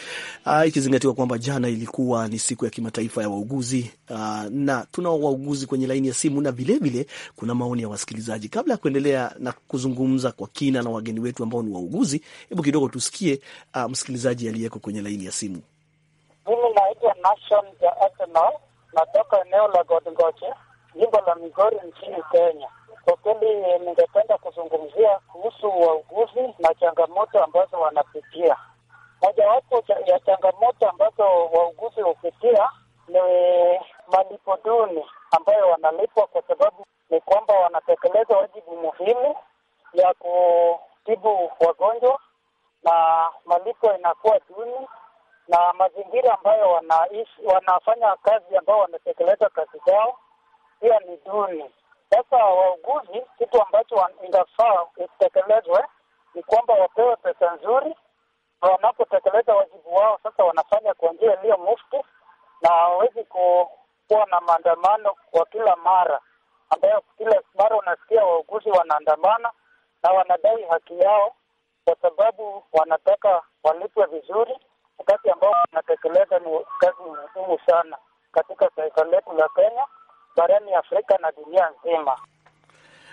ah, ikizingatiwa kwamba jana ilikuwa ni siku ya kimataifa ya wauguzi. Uh, na tunao wauguzi kwenye laini ya simu na vilevile kuna maoni ya wasikilizaji. Kabla ya kuendelea na kuzungumza kwa kina na wageni wetu ambao ni wauguzi, hebu kidogo tusikie uh, msikilizaji aliyeko kwenye laini ya simu. Mimi naitwa Nation ya natoka eneo la Godgoche jimbo la Migori nchini Kenya. Kwa kweli ningependa kuzungumzia kuhusu wauguzi na changamoto ambazo wanapitia. Mojawapo ya changamoto ambazo wauguzi hupitia ni malipo duni ambayo wanalipwa, kwa sababu ni kwamba wanatekeleza wajibu muhimu ya kutibu wagonjwa na malipo inakuwa duni, na mazingira ambayo wanaishi, wanafanya kazi ambayo wanatekeleza kazi zao pia ni duni. Sasa wauguzi, kitu ambacho inafaa itekelezwe ni kwamba wapewe pesa nzuri, na wanapotekeleza wajibu wao sasa wanafanya kwa njia iliyo mufti, na hawawezi kuwa na maandamano kwa kila mara, ambayo kila mara unasikia wauguzi wanaandamana na wanadai haki yao, kwa sababu wanataka walipwe vizuri, wakati ambao wanatekeleza ni kazi muhimu sana katika taifa letu la Kenya barani Afrika na dunia nzima.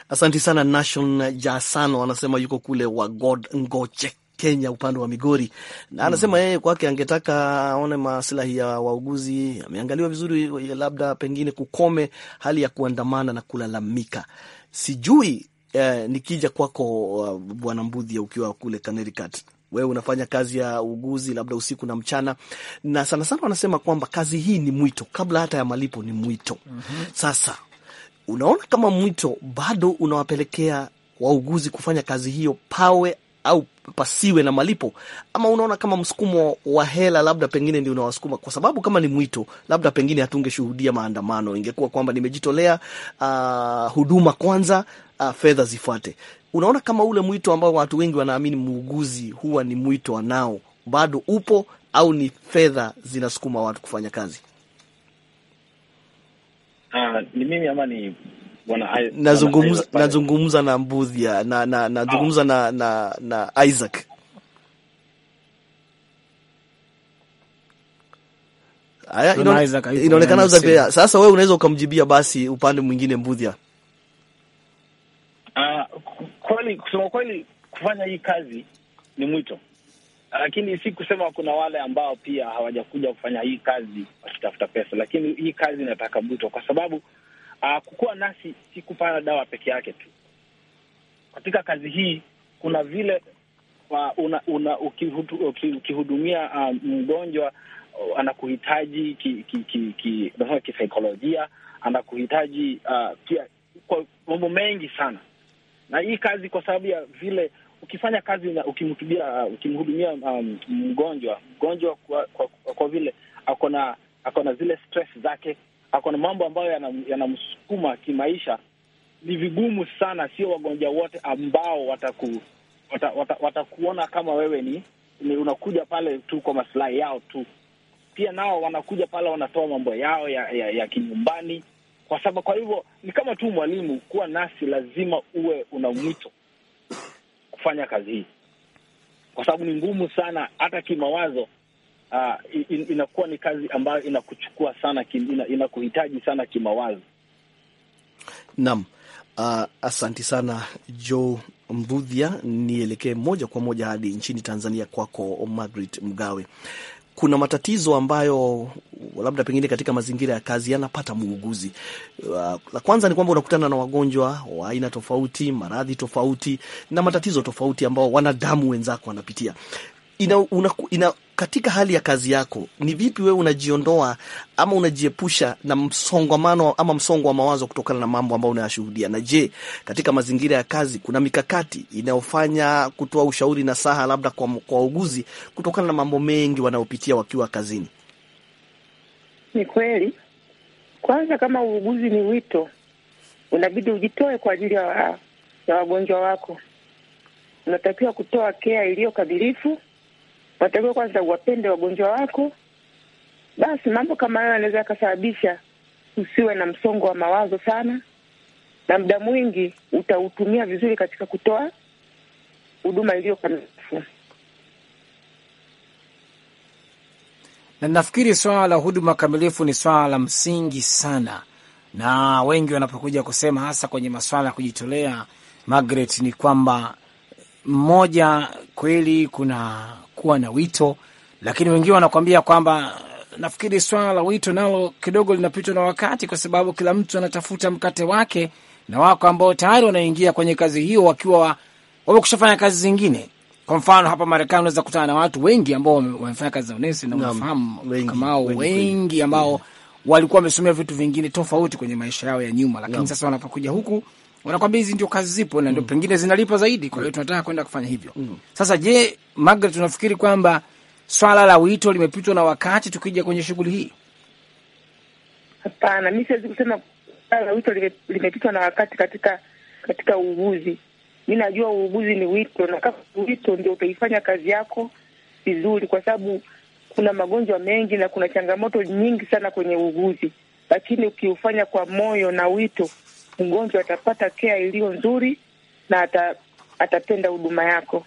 Asanti sana Nation Jasano anasema yuko kule Wagod Ngoche Kenya upande wa Migori na anasema yeye hmm. yeye kwake angetaka aone maslahi ya wauguzi ameangaliwa vizuri, labda pengine kukome hali ya kuandamana na kulalamika. Sijui eh, nikija kwako uh, Bwana Mbudhi ukiwa kule Connecticut wewe unafanya kazi ya uuguzi labda usiku na mchana, na sana sana wanasema kwamba kazi hii ni mwito, kabla hata ya malipo ni mwito. mm -hmm. Sasa unaona kama mwito bado unawapelekea wauguzi kufanya kazi hiyo pawe au pasiwe na malipo, ama unaona kama msukumo wa hela labda pengine ndio unawasukuma? Kwa sababu kama ni mwito, labda pengine hatungeshuhudia maandamano, ingekuwa kwamba nimejitolea uh, huduma kwanza, uh, fedha zifuate. Unaona kama ule mwito ambao watu wengi wanaamini muuguzi huwa ni mwito anao bado upo au ni fedha zinasukuma watu kufanya kazi? Uh, ni mimi ama ni nazungumza nazungumza na Mbudhia ah, na na nazungumza na, na na Isaac. Aya, Isaac. Sasa wewe unaweza ukamjibia basi upande mwingine Mbudhia. Ah, kweli kusema kweli, kufanya hii kazi ni mwito, lakini si kusema kuna wale ambao pia hawajakuja kufanya hii kazi wakitafuta pesa, lakini hii kazi inataka mwito, kwa sababu uh, ah, kukuwa nasi si kupana dawa peke yake tu. Katika kazi hii kuna vile ah, una, una ukihudumia uh, mgonjwa uh, anakuhitaji kisaikolojia ki, ki, ki, ki, anakuhitaji uh, pia kwa mambo mengi sana na hii kazi kwa sababu ya vile ukifanya kazi ukimhudumia uh, ukimhudumia um, mgonjwa mgonjwa kwa, kwa, kwa, vile ako na ako na zile stress zake, ako na mambo ambayo yanamsukuma yana kimaisha, ni vigumu sana. Sio wagonjwa wote ambao wataku wata, wata, watakuona kama wewe ni, ni unakuja pale tu kwa masilahi yao tu. Pia nao wanakuja pale wanatoa mambo yao ya, ya, ya kinyumbani kwa sababu, kwa hivyo ni kama tu mwalimu kuwa nasi, lazima uwe una mwito kufanya kazi hii, kwa sababu ni ngumu sana hata kimawazo. Uh, ah, in, inakuwa ni kazi ambayo inakuchukua sana ina, inakuhitaji sana kimawazo. Naam. Uh, asanti sana Joe Mbudhia. Nielekee moja kwa moja hadi nchini Tanzania kwako Margaret Mgawe. Kuna matatizo ambayo labda pengine katika mazingira ya kazi yanapata muuguzi. Uh, la kwanza ni kwamba unakutana na wagonjwa wa aina tofauti, maradhi tofauti na matatizo tofauti ambao wanadamu wenzako wanapitia. Ina, una, ina, katika hali ya kazi yako ni vipi wewe unajiondoa ama unajiepusha na msongamano ama msongo wa mawazo kutokana na mambo ambayo unayashuhudia? Na je, katika mazingira ya kazi kuna mikakati inayofanya kutoa ushauri na saha labda kwa wauguzi kutokana na mambo mengi wanayopitia wakiwa kazini? ni kweli. Kwanza, kama uuguzi ni wito, unabidi ujitoe kwa ajili ya wagonjwa wako. Unatakiwa kutoa kea iliyo kadhirifu. unatakiwa kwanza uwapende wagonjwa wako. Basi mambo kama hayo yanaweza yakasababisha usiwe na msongo wa mawazo sana, na muda mwingi utautumia vizuri katika kutoa huduma iliyo kamilifu. na nafikiri swala la huduma kamilifu ni swala la msingi sana, na wengi wanapokuja kusema hasa kwenye maswala ya kujitolea, Margaret, ni kwamba mmoja kweli kuna kuwa na wito, lakini wengine wanakuambia kwamba nafikiri swala la wito nalo kidogo linapitwa na wakati, kwa sababu kila mtu anatafuta mkate wake, na wako ambao tayari wanaingia kwenye kazi hiyo wakiwa wamekusha fanya kazi zingine kwa mfano hapa Marekani unaweza kutana na watu wengi ambao wamefanya kazi za unesi na unafahamu kamao wengi, wengi ambao wengi, walikuwa wamesomea vitu vingine tofauti kwenye maisha yao ya nyuma, lakini sasa wanapokuja huku wanakwambia hizi ndio kazi zipo na ndio mm, pengine zinalipa zaidi, kwa hiyo mm. tunataka kwenda kufanya hivyo mm. Sasa je, Margaret, unafikiri kwamba swala la wito limepitwa na wakati tukija kwenye shughuli hii? Hapana, mi siwezi kusema swala la wito limepitwa na wakati katika katika uuguzi mi najua uuguzi ni wito, na kama wito ndio utaifanya kazi yako vizuri, kwa sababu kuna magonjwa mengi na kuna changamoto nyingi sana kwenye uuguzi, lakini ukiufanya kwa moyo na wito, mgonjwa atapata kea iliyo nzuri na ata, atapenda huduma yako.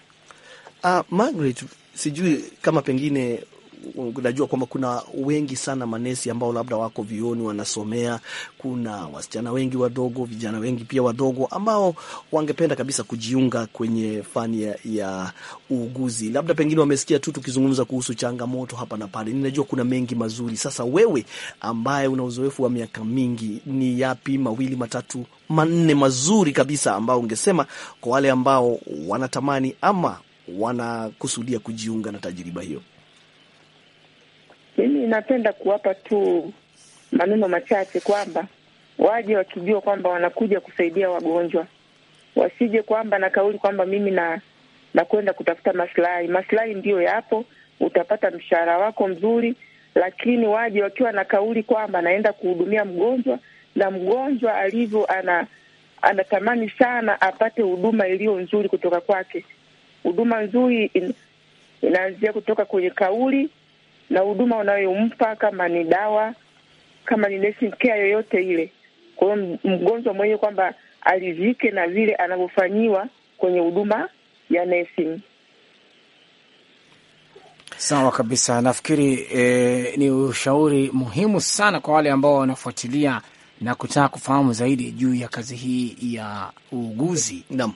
Ah, Margaret, sijui kama pengine unajua kwamba kuna wengi sana manesi ambao labda wako vioni wanasomea. Kuna wasichana wengi wadogo, vijana wengi pia wadogo, ambao wangependa kabisa kujiunga kwenye fani ya, ya uuguzi. Labda pengine wamesikia tu tukizungumza kuhusu changamoto hapa na pale. Ninajua kuna mengi mazuri. Sasa wewe ambaye una uzoefu wa miaka mingi, ni yapi mawili matatu manne mazuri kabisa ambao ungesema kwa wale ambao wanatamani ama wanakusudia kujiunga na tajriba hiyo? Mimi napenda kuwapa tu maneno machache kwamba waje wakijua kwamba wanakuja kusaidia wagonjwa, wasije kwamba na kauli kwamba mimi na nakwenda kutafuta maslahi. Maslahi ndiyo yapo, utapata mshahara wako mzuri, lakini waje wakiwa na kauli kwamba naenda kuhudumia mgonjwa, na mgonjwa alivyo ana anatamani sana apate huduma iliyo nzuri kutoka kwake. Huduma nzuri in, inaanzia kutoka kwenye kauli na huduma unayompa, kama ni dawa, kama ni nursing care yoyote ile. Kwa hiyo mgonjwa mwenyewe kwamba alizike na vile anavyofanyiwa kwenye huduma ya nursing. Sawa kabisa, nafikiri eh, ni ushauri muhimu sana kwa wale ambao wanafuatilia na kutaka kufahamu zaidi juu ya kazi hii ya uuguzi. Naam.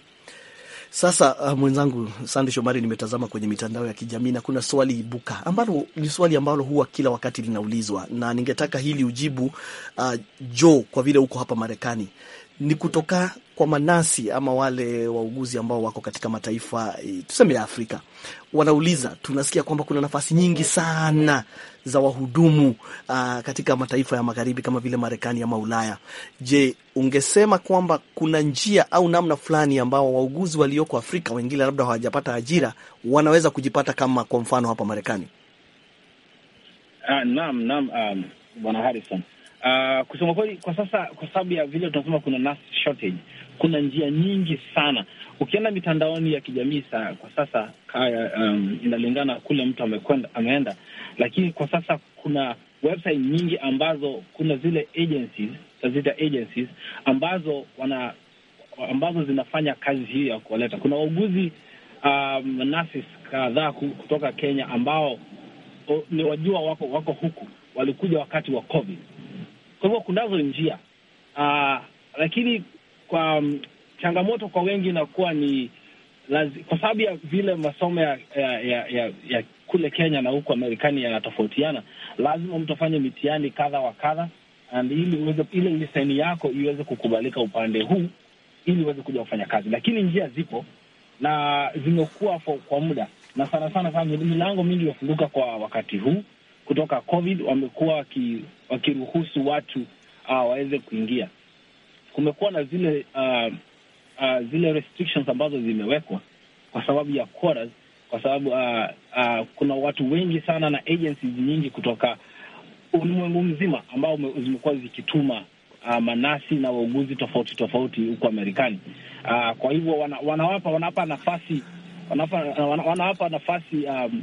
Sasa uh, mwenzangu Sande Shomari, nimetazama kwenye mitandao ya kijamii na kuna swali ibuka ambalo ni swali ambalo huwa kila wakati linaulizwa na ningetaka hili ujibu uh, ah, Jo, kwa vile uko hapa Marekani ni kutoka kwa manasi ama wale wauguzi ambao wako katika mataifa eh, tuseme ya Afrika. Wanauliza, tunasikia kwamba kuna nafasi nyingi sana za wahudumu uh, katika mataifa ya magharibi kama vile Marekani ama Ulaya. Je, ungesema kwamba kuna njia au namna fulani ambao wauguzi walioko Afrika wengine labda hawajapata ajira wanaweza kujipata kama kwa mfano hapa Marekani? Uh, naam, naam, um, Bwana Harrison Uh, kusema kweli kwa sasa, kwa sababu ya vile tunasema kuna nurse shortage, kuna njia nyingi sana. Ukienda mitandaoni ya kijamii sa kwa sasa kaya, um, inalingana kule mtu amekwenda ameenda, lakini kwa sasa kuna website nyingi ambazo kuna zile agencies tazita agencies ambazo wana ambazo zinafanya kazi hiyo ya kuwaleta. Kuna wauguzi um, nurses kadhaa kutoka Kenya ambao o, ni wajua wako wako huku, walikuja wakati wa COVID kwa hivyo kunazo njia aa, ah, lakini kwa um, changamoto kwa wengi inakuwa ni lazi, kwa sababu ya vile masomo ya, ya, ya, ya, ya kule Kenya na huku Amerikani yanatofautiana, lazima mtu afanye mitihani kadha wa kadha and ili uweze ile leseni yako iweze kukubalika upande huu ili uweze kuja kufanya kazi, lakini njia zipo na zimekuwa kwa muda na sana sana sana milango mingi imefunguka kwa wakati huu kutoka COVID wamekuwa wakiruhusu watu uh, waweze kuingia. Kumekuwa na zile uh, uh, zile restrictions ambazo zimewekwa kwa sababu ya quotas, kwa sababu uh, uh, kuna watu wengi sana na agencies nyingi kutoka ulimwengu mzima ambao zimekuwa zikituma uh, manasi na wauguzi tofauti tofauti huko Marekani. Uh, kwa hivyo wana, wanawapa wanawapa nafasi wanawapa, wanawapa nafasi um,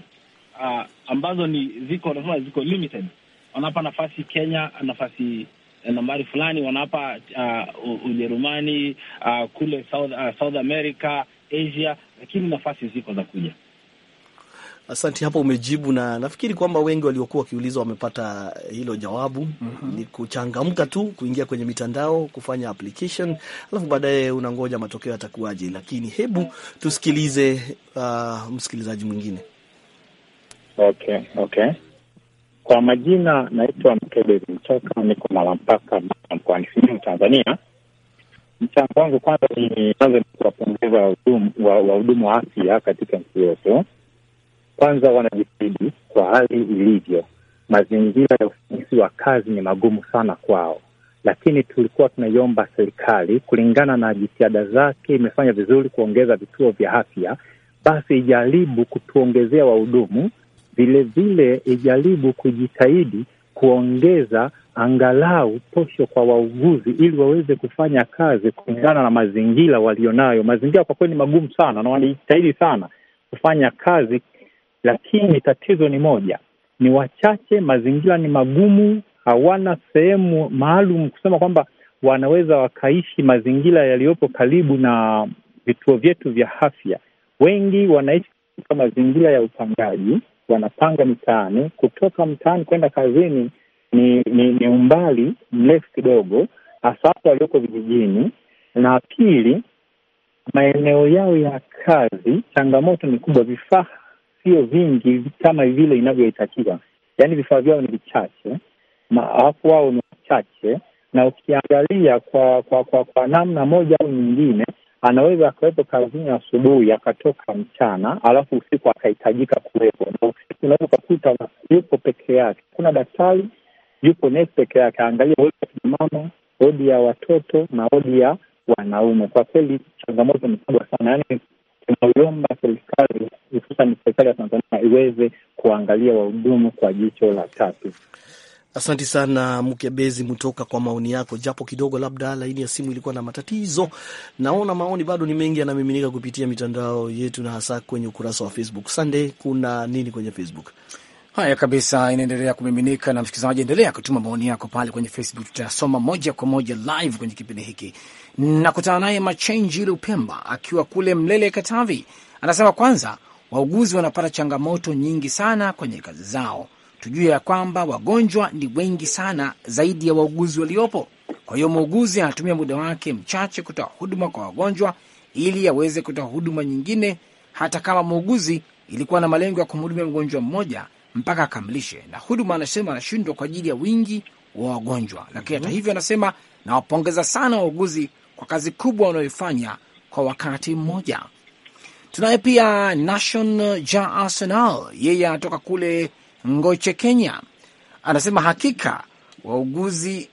uh, ambazo ni ziko nasema ziko limited. Wanawapa nafasi Kenya nafasi eh, nambari fulani, wanawapa uh, ah, Ujerumani uh, kule South, uh, South America, Asia, lakini nafasi ziko za kuja. Asante, hapo umejibu, na nafikiri kwamba wengi waliokuwa wakiulizwa wamepata eh, hilo jawabu. mm -hmm. Ni kuchangamka tu kuingia kwenye mitandao kufanya application, alafu baadaye unangoja matokeo yatakuwaje. Lakini hebu tusikilize uh, msikilizaji mwingine. Okay, okay. Kwa majina naitwa Mkebe mchaka niko Malampaka mkoani Simiyu, Tanzania. Mchango wangu kwanza ni kwanza ni kuwapongeza wahudumu wa afya katika nchi yetu. Kwanza wanajitahidi kwa hali ilivyo, mazingira ya ufanisi wa kazi ni magumu sana kwao, lakini tulikuwa tunaiomba serikali, kulingana na jitihada zake, imefanya vizuri kuongeza vituo vya afya, basi ijaribu kutuongezea wahudumu vilevile ijaribu kujitahidi kuongeza angalau posho kwa wauguzi ili waweze kufanya kazi kulingana na mazingira walionayo. Mazingira kwa kweli ni magumu sana na wanajitahidi sana kufanya kazi, lakini tatizo ni moja, ni wachache, mazingira ni magumu, hawana sehemu maalum kusema kwamba wanaweza wakaishi mazingira yaliyopo karibu na vituo vyetu vya afya. Wengi wanaishi katika mazingira ya upangaji wanapanga mitaani. Kutoka mtaani kwenda kazini ni, ni, ni umbali mrefu kidogo, hasa walioko vijijini. Na pili, maeneo yao ya kazi, changamoto ni kubwa, vifaa sio vingi kama vile inavyohitakiwa, yaani vifaa vyao ni vichache, maafu wao ni wachache, na ukiangalia kwa, kwa, kwa, kwa namna moja au nyingine anaweza akawepo kazini asubuhi akatoka mchana, alafu usiku akahitajika kuwepo, na usiku unaweza ukakuta yupo peke yake, kuna daktari yupo nesi peke yake, aangalia wodi ya kinamama, wodi ya watoto na wodi ya wanaume. Kwa kweli changamoto ni kubwa sana, yaani tunaiomba serikali hususan serikali ya Tanzania iweze kuangalia wahudumu kwa jicho la tatu. Asanti sana Mkebezi Mtoka kwa maoni yako, japo kidogo labda laini ya simu ilikuwa na matatizo. Naona maoni bado ni mengi yanamiminika kupitia mitandao yetu na hasa kwenye ukurasa wa Facebook. Sande, kuna nini kwenye Facebook? Haya kabisa, inaendelea kumiminika. Na msikilizaji, endelea kutuma maoni yako pale kwenye Facebook, tutayasoma moja kwa moja live kwenye kipindi hiki. Nakutana naye Machenji Lupemba akiwa kule Mlele, Katavi, anasema kwanza, wauguzi wanapata changamoto nyingi sana kwenye kazi zao tujue ya kwamba wagonjwa ni wengi sana zaidi ya wauguzi waliopo. Kwa hiyo muuguzi anatumia muda wake mchache kutoa huduma kwa wagonjwa ili aweze kutoa huduma nyingine, hata kama muuguzi ilikuwa na malengo ya kumhudumia mgonjwa mmoja mpaka akamilishe, na huduma anasema anashindwa kwa ajili ya wingi wa wagonjwa. Lakini hata mhm. hivyo, anasema nawapongeza sana wauguzi kwa kazi kubwa wanayoifanya kwa wakati mmoja. Tunaye pia Nation Ja Arsenal, yeye anatoka kule Ngoche Kenya anasema hakika wauguzi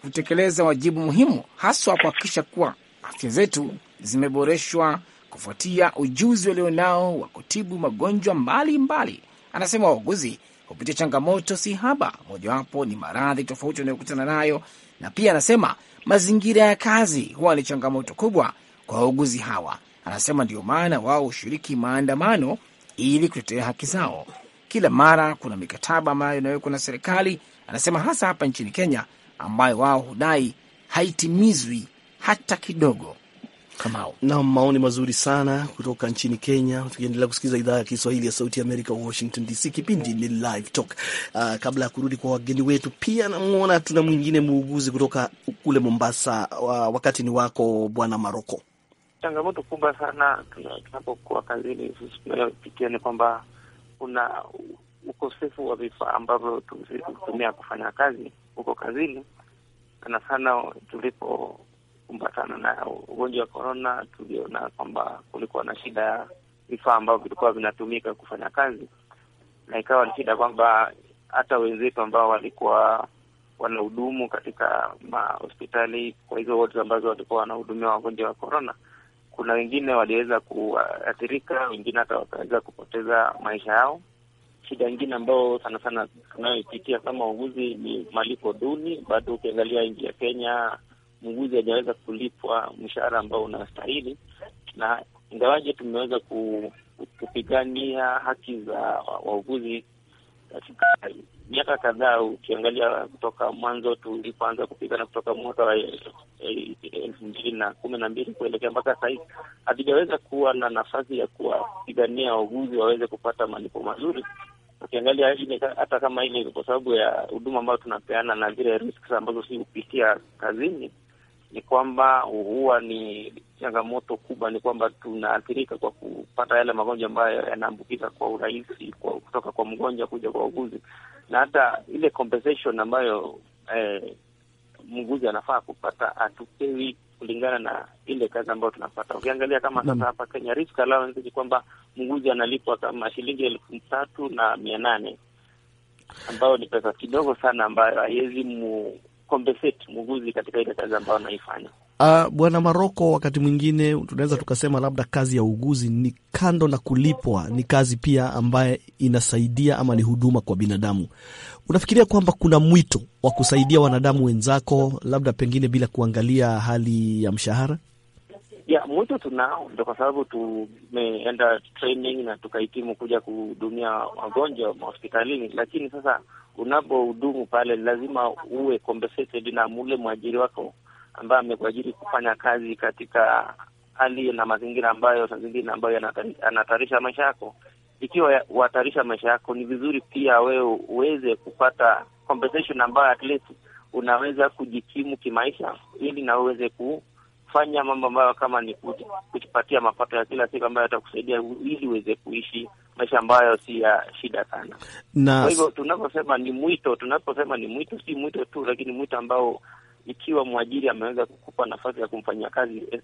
kutekeleza wajibu muhimu, haswa kuhakikisha kuwa afya zetu zimeboreshwa kufuatia ujuzi walionao wa kutibu magonjwa mbalimbali. Anasema wauguzi hupitia changamoto si haba, mojawapo ni maradhi tofauti wanayokutana nayo, na pia anasema mazingira ya kazi huwa ni changamoto kubwa kwa wauguzi hawa. Anasema ndio maana wao hushiriki maandamano ili kutetea haki zao kila mara kuna mikataba ambayo inawekwa na serikali, anasema hasa hapa nchini Kenya, ambayo wao hudai haitimizwi hata kidogo. Na maoni mazuri sana kutoka nchini Kenya. Tukiendelea kusikiliza idhaa ya Kiswahili ya Sauti ya Amerika, Washington DC. Kipindi ni Live Talk. Uh, kabla ya kurudi kwa wageni wetu, pia namwona tuna mwingine muuguzi kutoka kule Mombasa. Uh, wakati ni wako Bwana Maroko. Changamoto kubwa sana tunapokuwa kazini sisi tunayopitia ni kwamba kuna ukosefu wa vifaa ambavyo tulitumia kufanya kazi huko kazini, sana sana tulipokumbatana na ugonjwa wa korona, tuliona kwamba kulikuwa na shida ya vifaa ambavyo vilikuwa vinatumika kufanya kazi, na ikawa ni shida kwamba hata wenzetu ambao walikuwa wanahudumu katika mahospitali kwa hizo wodi ambazo walikuwa wanahudumia wagonjwa wa korona kuna wengine waliweza kuathirika, wengine hata wakaweza kupoteza maisha yao. Shida nyingine ambayo sana sana tunayoipitia kama wauguzi ni malipo duni. Bado ukiangalia nchi ya Kenya, muuguzi hajaweza kulipwa mshahara ambao unastahili, na ingawaje tumeweza kupigania haki za wauguzi katika miaka kadhaa ukiangalia kutoka mwanzo tulipoanza kupigana kutoka mwaka wa elfu mbili na kumi na mbili kuelekea mpaka sahizi, hatujaweza kuwa na nafasi ya kuwapigania wauguzi waweze kupata malipo mazuri. Ukiangalia hata kama ile kwa sababu ya huduma ambayo tunapeana na zile risks ambazo si hupitia kazini ni kwamba huwa ni changamoto kubwa, ni kwamba tunaathirika kwa kupata yale magonjwa ambayo yanaambukiza kwa urahisi kwa, kutoka kwa mgonjwa kuja kwa uguzi, na hata ile compensation ambayo eh, mguzi anafaa kupata hatupewi kulingana na ile kazi ambayo tunapata. Ukiangalia kama sasa hapa Kenya, risk allowance ni kwamba mguzi analipwa kama shilingi elfu tatu na mia nane ambayo ni pesa kidogo sana ambayo haiwezi mu muguzi muuguzi katika ile kazi ambayo anaifanya. Uh, Bwana Maroko, wakati mwingine tunaweza tukasema labda kazi ya uuguzi ni kando na kulipwa, ni kazi pia ambaye inasaidia ama ni huduma kwa binadamu. Unafikiria kwamba kuna mwito wa kusaidia wanadamu wenzako, labda pengine bila kuangalia hali ya mshahara? Ya, mwito tunao, ndio kwa sababu tumeenda training na tukahitimu kuja kuhudumia wagonjwa mahospitalini, lakini sasa unapohudumu pale lazima uwe compensated na mule mwajiri wako ambaye amekuajiri kufanya kazi katika hali na mazingira ambayo saa zingine ambayo yanahatarisha maisha yako. Ikiwa uhatarisha maisha yako, ni vizuri pia wewe uweze kupata compensation ambayo at least unaweza kujikimu kimaisha, ili na uweze ku fanya mambo ambayo kama ni kujipatia mapato ya kila siku ambayo yatakusaidia ili uweze kuishi maisha ambayo si ya shida sana. Na kwa hivyo tunaposema ni mwito, tunaposema ni mwito, si mwito tu, lakini mwito ambao ikiwa mwajiri ameweza kukupa nafasi ya kumfanyia kazi eh,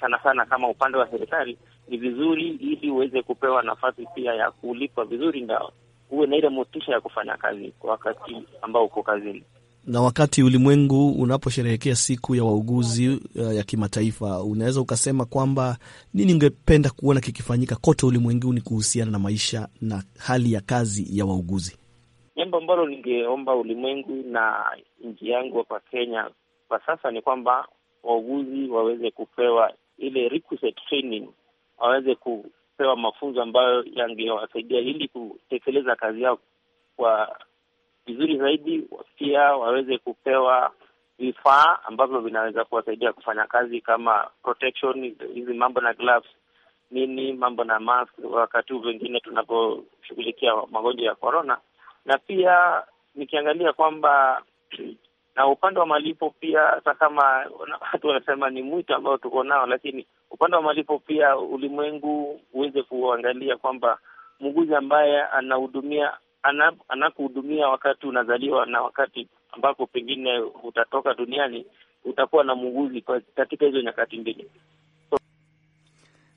sana sana kama upande wa serikali ni vizuri, ili uweze kupewa nafasi pia ya kulipwa vizuri, ndio uwe na ile motisha ya kufanya kazi kwa wakati ambao uko kazini na wakati ulimwengu unaposherehekea siku ya wauguzi eh, ya kimataifa, unaweza ukasema kwamba nini ungependa kuona kikifanyika kote ulimwenguni kuhusiana na maisha na hali ya kazi ya wauguzi? Jambo ambalo ningeomba ulimwengu na nchi yangu hapa Kenya kwa sasa ni kwamba wauguzi waweze kupewa ile requisite training, waweze kupewa mafunzo ambayo yangewasaidia ili kutekeleza kazi yao kwa vizuri zaidi, pia waweze kupewa vifaa ambavyo vinaweza kuwasaidia kufanya kazi kama protection, hizi mambo na gloves nini, mambo na mask, wakati huu vengine tunavyoshughulikia magonjwa ya korona Na pia nikiangalia kwamba na upande wa malipo pia, hata kama watu wanasema ni mwito ambao tuko nao, lakini upande wa malipo pia ulimwengu uweze kuangalia kwamba muuguzi ambaye anahudumia anakuhudumia wakati unazaliwa na wakati ambapo pengine utatoka duniani, utakuwa na muuguzi katika hizo nyakati mbili. So,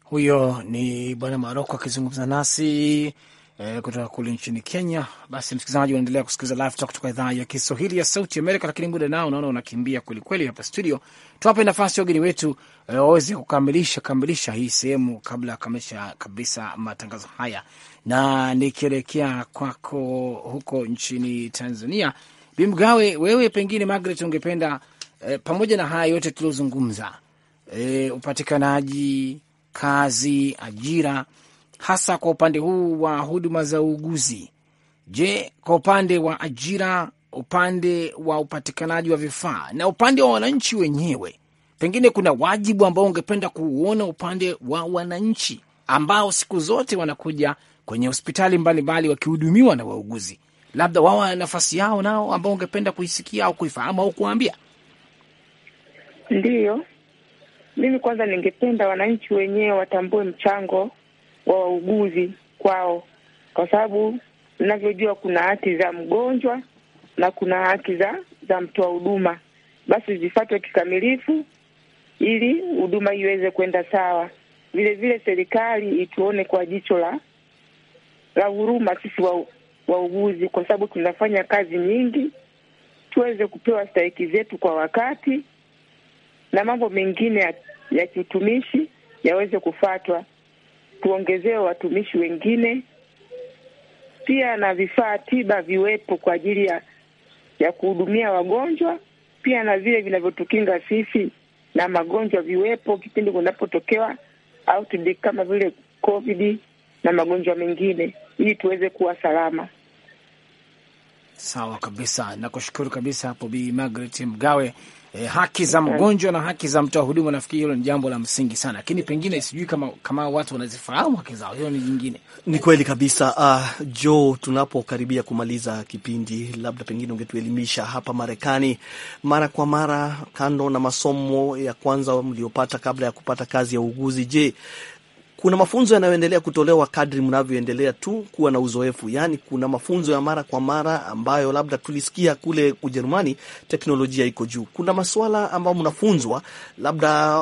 huyo ni Bwana Maroko akizungumza nasi e, kutoka kule nchini Kenya. Basi msikilizaji, unaendelea kusikiliza Live Talk kutoka idhaa ya Kiswahili ya Sauti Amerika, lakini muda nao unaona unakimbia kwelikweli hapa studio. Tuwape nafasi wageni wetu eh, waweze e, kukamilisha kamilisha hii sehemu kabla ya kukamilisha kabisa matangazo haya. Na nikielekea kwako huko nchini Tanzania, Bimgawe, wewe pengine Margaret ungependa eh, pamoja na haya yote tuliozungumza, eh, upatikanaji kazi, ajira, hasa kwa upande huu wa huduma za uuguzi. Je, kwa upande wa ajira, upande wa upatikanaji wa vifaa na upande wa wananchi wenyewe, pengine kuna wajibu ambao ungependa kuuona upande wa wananchi ambao siku zote wanakuja kwenye hospitali mbalimbali wakihudumiwa na wauguzi, labda wao wana nafasi yao nao ambao ungependa kuisikia au kuifahamu au kuambia? Ndiyo, mimi kwanza ningependa wananchi wenyewe watambue mchango wa wauguzi kwao, kwa sababu ninavyojua kuna haki za mgonjwa na kuna haki za za mtoa huduma, basi zifuatwe kikamilifu ili huduma iweze kwenda sawa. vilevile serikali ituone kwa jicho la la huruma sisi wauguzi kwa sababu tunafanya kazi nyingi, tuweze kupewa stahiki zetu kwa wakati na mambo mengine ya, ya kiutumishi yaweze kufatwa. Tuongezewe watumishi wengine pia na vifaa tiba viwepo kwa ajili ya, ya kuhudumia wagonjwa pia na vile vinavyotukinga sisi na magonjwa viwepo kipindi kunapotokewa outbreak kama vile COVID na magonjwa mengine ili tuweze kuwa salama. Sawa kabisa, nakushukuru kabisa hapo Bi Margaret Mgawe. E, haki za mgonjwa na haki za mtoa huduma, nafikiri hilo ni jambo la msingi sana, lakini pengine sijui kama, kama watu wanazifahamu haki zao, Hiyo ni nyingine. Ni kweli kabisa. Uh, ah, Jo, tunapokaribia kumaliza kipindi, labda pengine ungetuelimisha hapa Marekani, mara kwa mara, kando na masomo ya kwanza mliyopata kabla ya kupata kazi ya uuguzi, je, kuna mafunzo yanayoendelea kutolewa kadri mnavyoendelea tu kuwa na uzoefu? Yaani, kuna mafunzo ya mara kwa mara ambayo labda tulisikia kule Ujerumani teknolojia iko juu. Kuna masuala ambayo mnafunzwa labda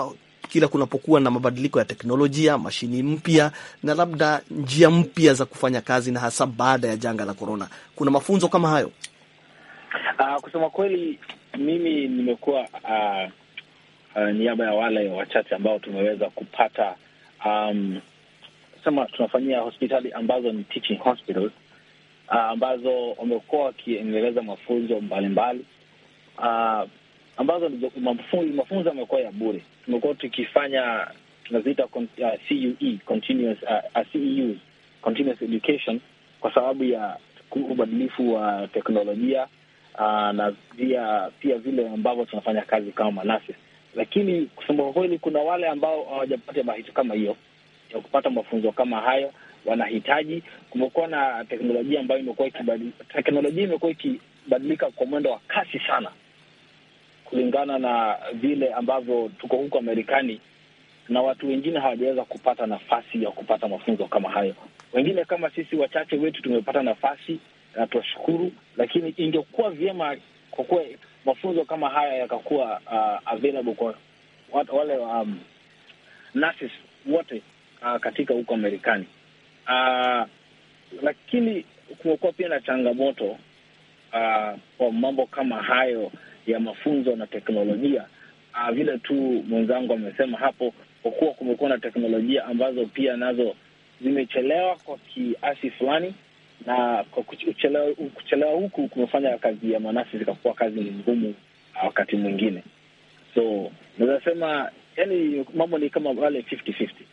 kila kunapokuwa na mabadiliko ya teknolojia, mashini mpya na labda njia mpya za kufanya kazi, na hasa baada ya janga la korona, kuna mafunzo kama hayo? Uh, kusema kweli mimi nimekuwa uh, uh, niaba ya wale wachache ambao tumeweza kupata um, sema tunafanyia hospitali ambazo ni teaching hospitals uh, ambazo wamekuwa wakiendeleza mafunzo mbalimbali uh, ambazo mafunzo yamekuwa ya bure. Tumekuwa tukifanya tunaziita uh, CUE continuous uh, uh CEUs continuous education kwa sababu ya ubadilifu wa teknolojia uh, na pia pia vile ambavyo tunafanya kazi kama manasi lakini kusema kwa kweli, kuna wale ambao hawajapata bahati kama hiyo ya kupata mafunzo kama hayo, wanahitaji. Kumekuwa na teknolojia ambayo imekuwa ikibadilika, teknolojia imekuwa ikibadilika kwa mwendo wa kasi sana, kulingana na vile ambavyo tuko huko Amerikani na watu wengine hawajaweza kupata nafasi ya kupata mafunzo kama hayo. Wengine kama sisi wachache wetu tumepata nafasi na tuwashukuru, lakini ingekuwa vyema kwa kuwa mafunzo kama haya yakakuwa uh, available kwa wale um, nurses wote uh, katika huko Marekani uh, lakini kumekuwa pia na changamoto uh, kwa mambo kama hayo ya mafunzo na teknolojia uh, vile tu mwenzangu amesema hapo, kwa kuwa kumekuwa na teknolojia ambazo pia nazo zimechelewa kwa kiasi fulani na kwa kuchelewa, kuchelewa huku kumefanya kazi ya manasi zikakuwa kazi ngumu ah, wakati mwingine, so naweza sema yani mambo ni kama wale fifty fifty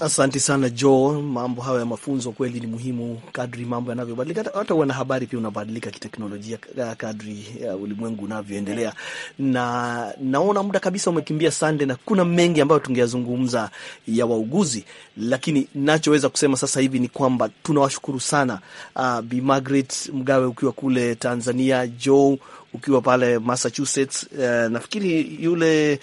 asante sana Joe, mambo hayo ya mafunzo kweli ni muhimu. Kadri mambo yanavyobadilika, hata habari pia unabadilika kiteknolojia kadri ulimwengu unavyoendelea, na naona muda kabisa umekimbia sande, na kuna mengi ambayo tungeyazungumza ya wauguzi, lakini nachoweza kusema sasa hivi ni kwamba tunawashukuru sana uh, Bi Margaret Mgawe ukiwa kule Tanzania, Joe ukiwa pale Massachusetts, uh, nafikiri yule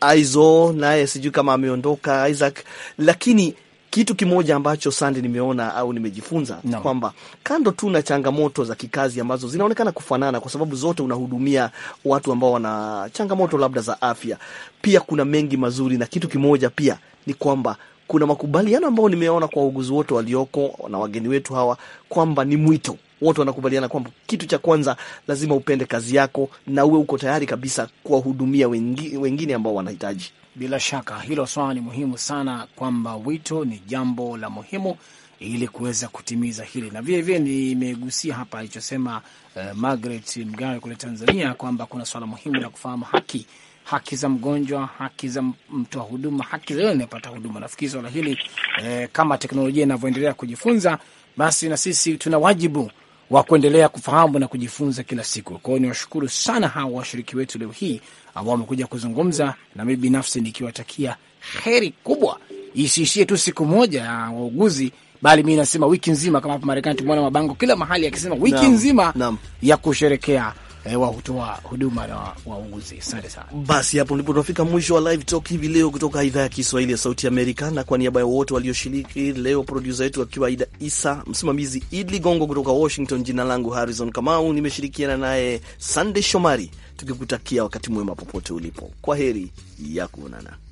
Aizo naye sijui kama ameondoka Isaac, lakini kitu kimoja ambacho sandi nimeona au nimejifunza no. kwamba kando tu na changamoto za kikazi ambazo zinaonekana kufanana kwa sababu zote unahudumia watu ambao wana changamoto labda za afya, pia kuna mengi mazuri, na kitu kimoja pia ni kwamba kuna makubaliano ambayo nimeona kwa wauguzi wote walioko na wageni wetu hawa kwamba ni mwito wote wanakubaliana kwamba kitu cha kwanza lazima upende kazi yako na uwe uko tayari kabisa kuwahudumia wengi, wengine ambao wanahitaji. Bila shaka hilo swala ni muhimu sana, kwamba wito ni jambo la muhimu ili kuweza kutimiza hili, na vilevile nimegusia hapa alichosema uh, Margaret Mgawe kule Tanzania kwamba kuna swala muhimu la kufahamu haki haki za mgonjwa, haki za mtoa huduma, haki za yule anayepata huduma. Nafikiri swala hili eh, kama teknolojia inavyoendelea kujifunza, basi na sisi tuna wajibu wa kuendelea kufahamu na kujifunza kila siku. Kwa hiyo niwashukuru sana hawa washiriki wetu leo hii ambao wamekuja kuzungumza na mimi binafsi, nikiwatakia heri kubwa, isiishie tu siku moja ya wauguzi bali mi nasema wiki nzima. Kama hapa Marekani tumeona mabango kila mahali yakisema wiki nzima ya kusherekea eh, wa kutoa huduma na wauguzi. Asante sana. Basi hapo ndipo tunafika mwisho wa live talk hivi leo kutoka idhaa ya Kiswahili ya Sauti Amerika, na kwa niaba ya wote walioshiriki leo, produsa wetu akiwa Aida Isa, msimamizi Idli Gongo kutoka Washington, jina langu Harrison Kamau, nimeshirikiana naye Sandey Shomari, tukikutakia wakati mwema popote ulipo. Kwa heri ya kuonana.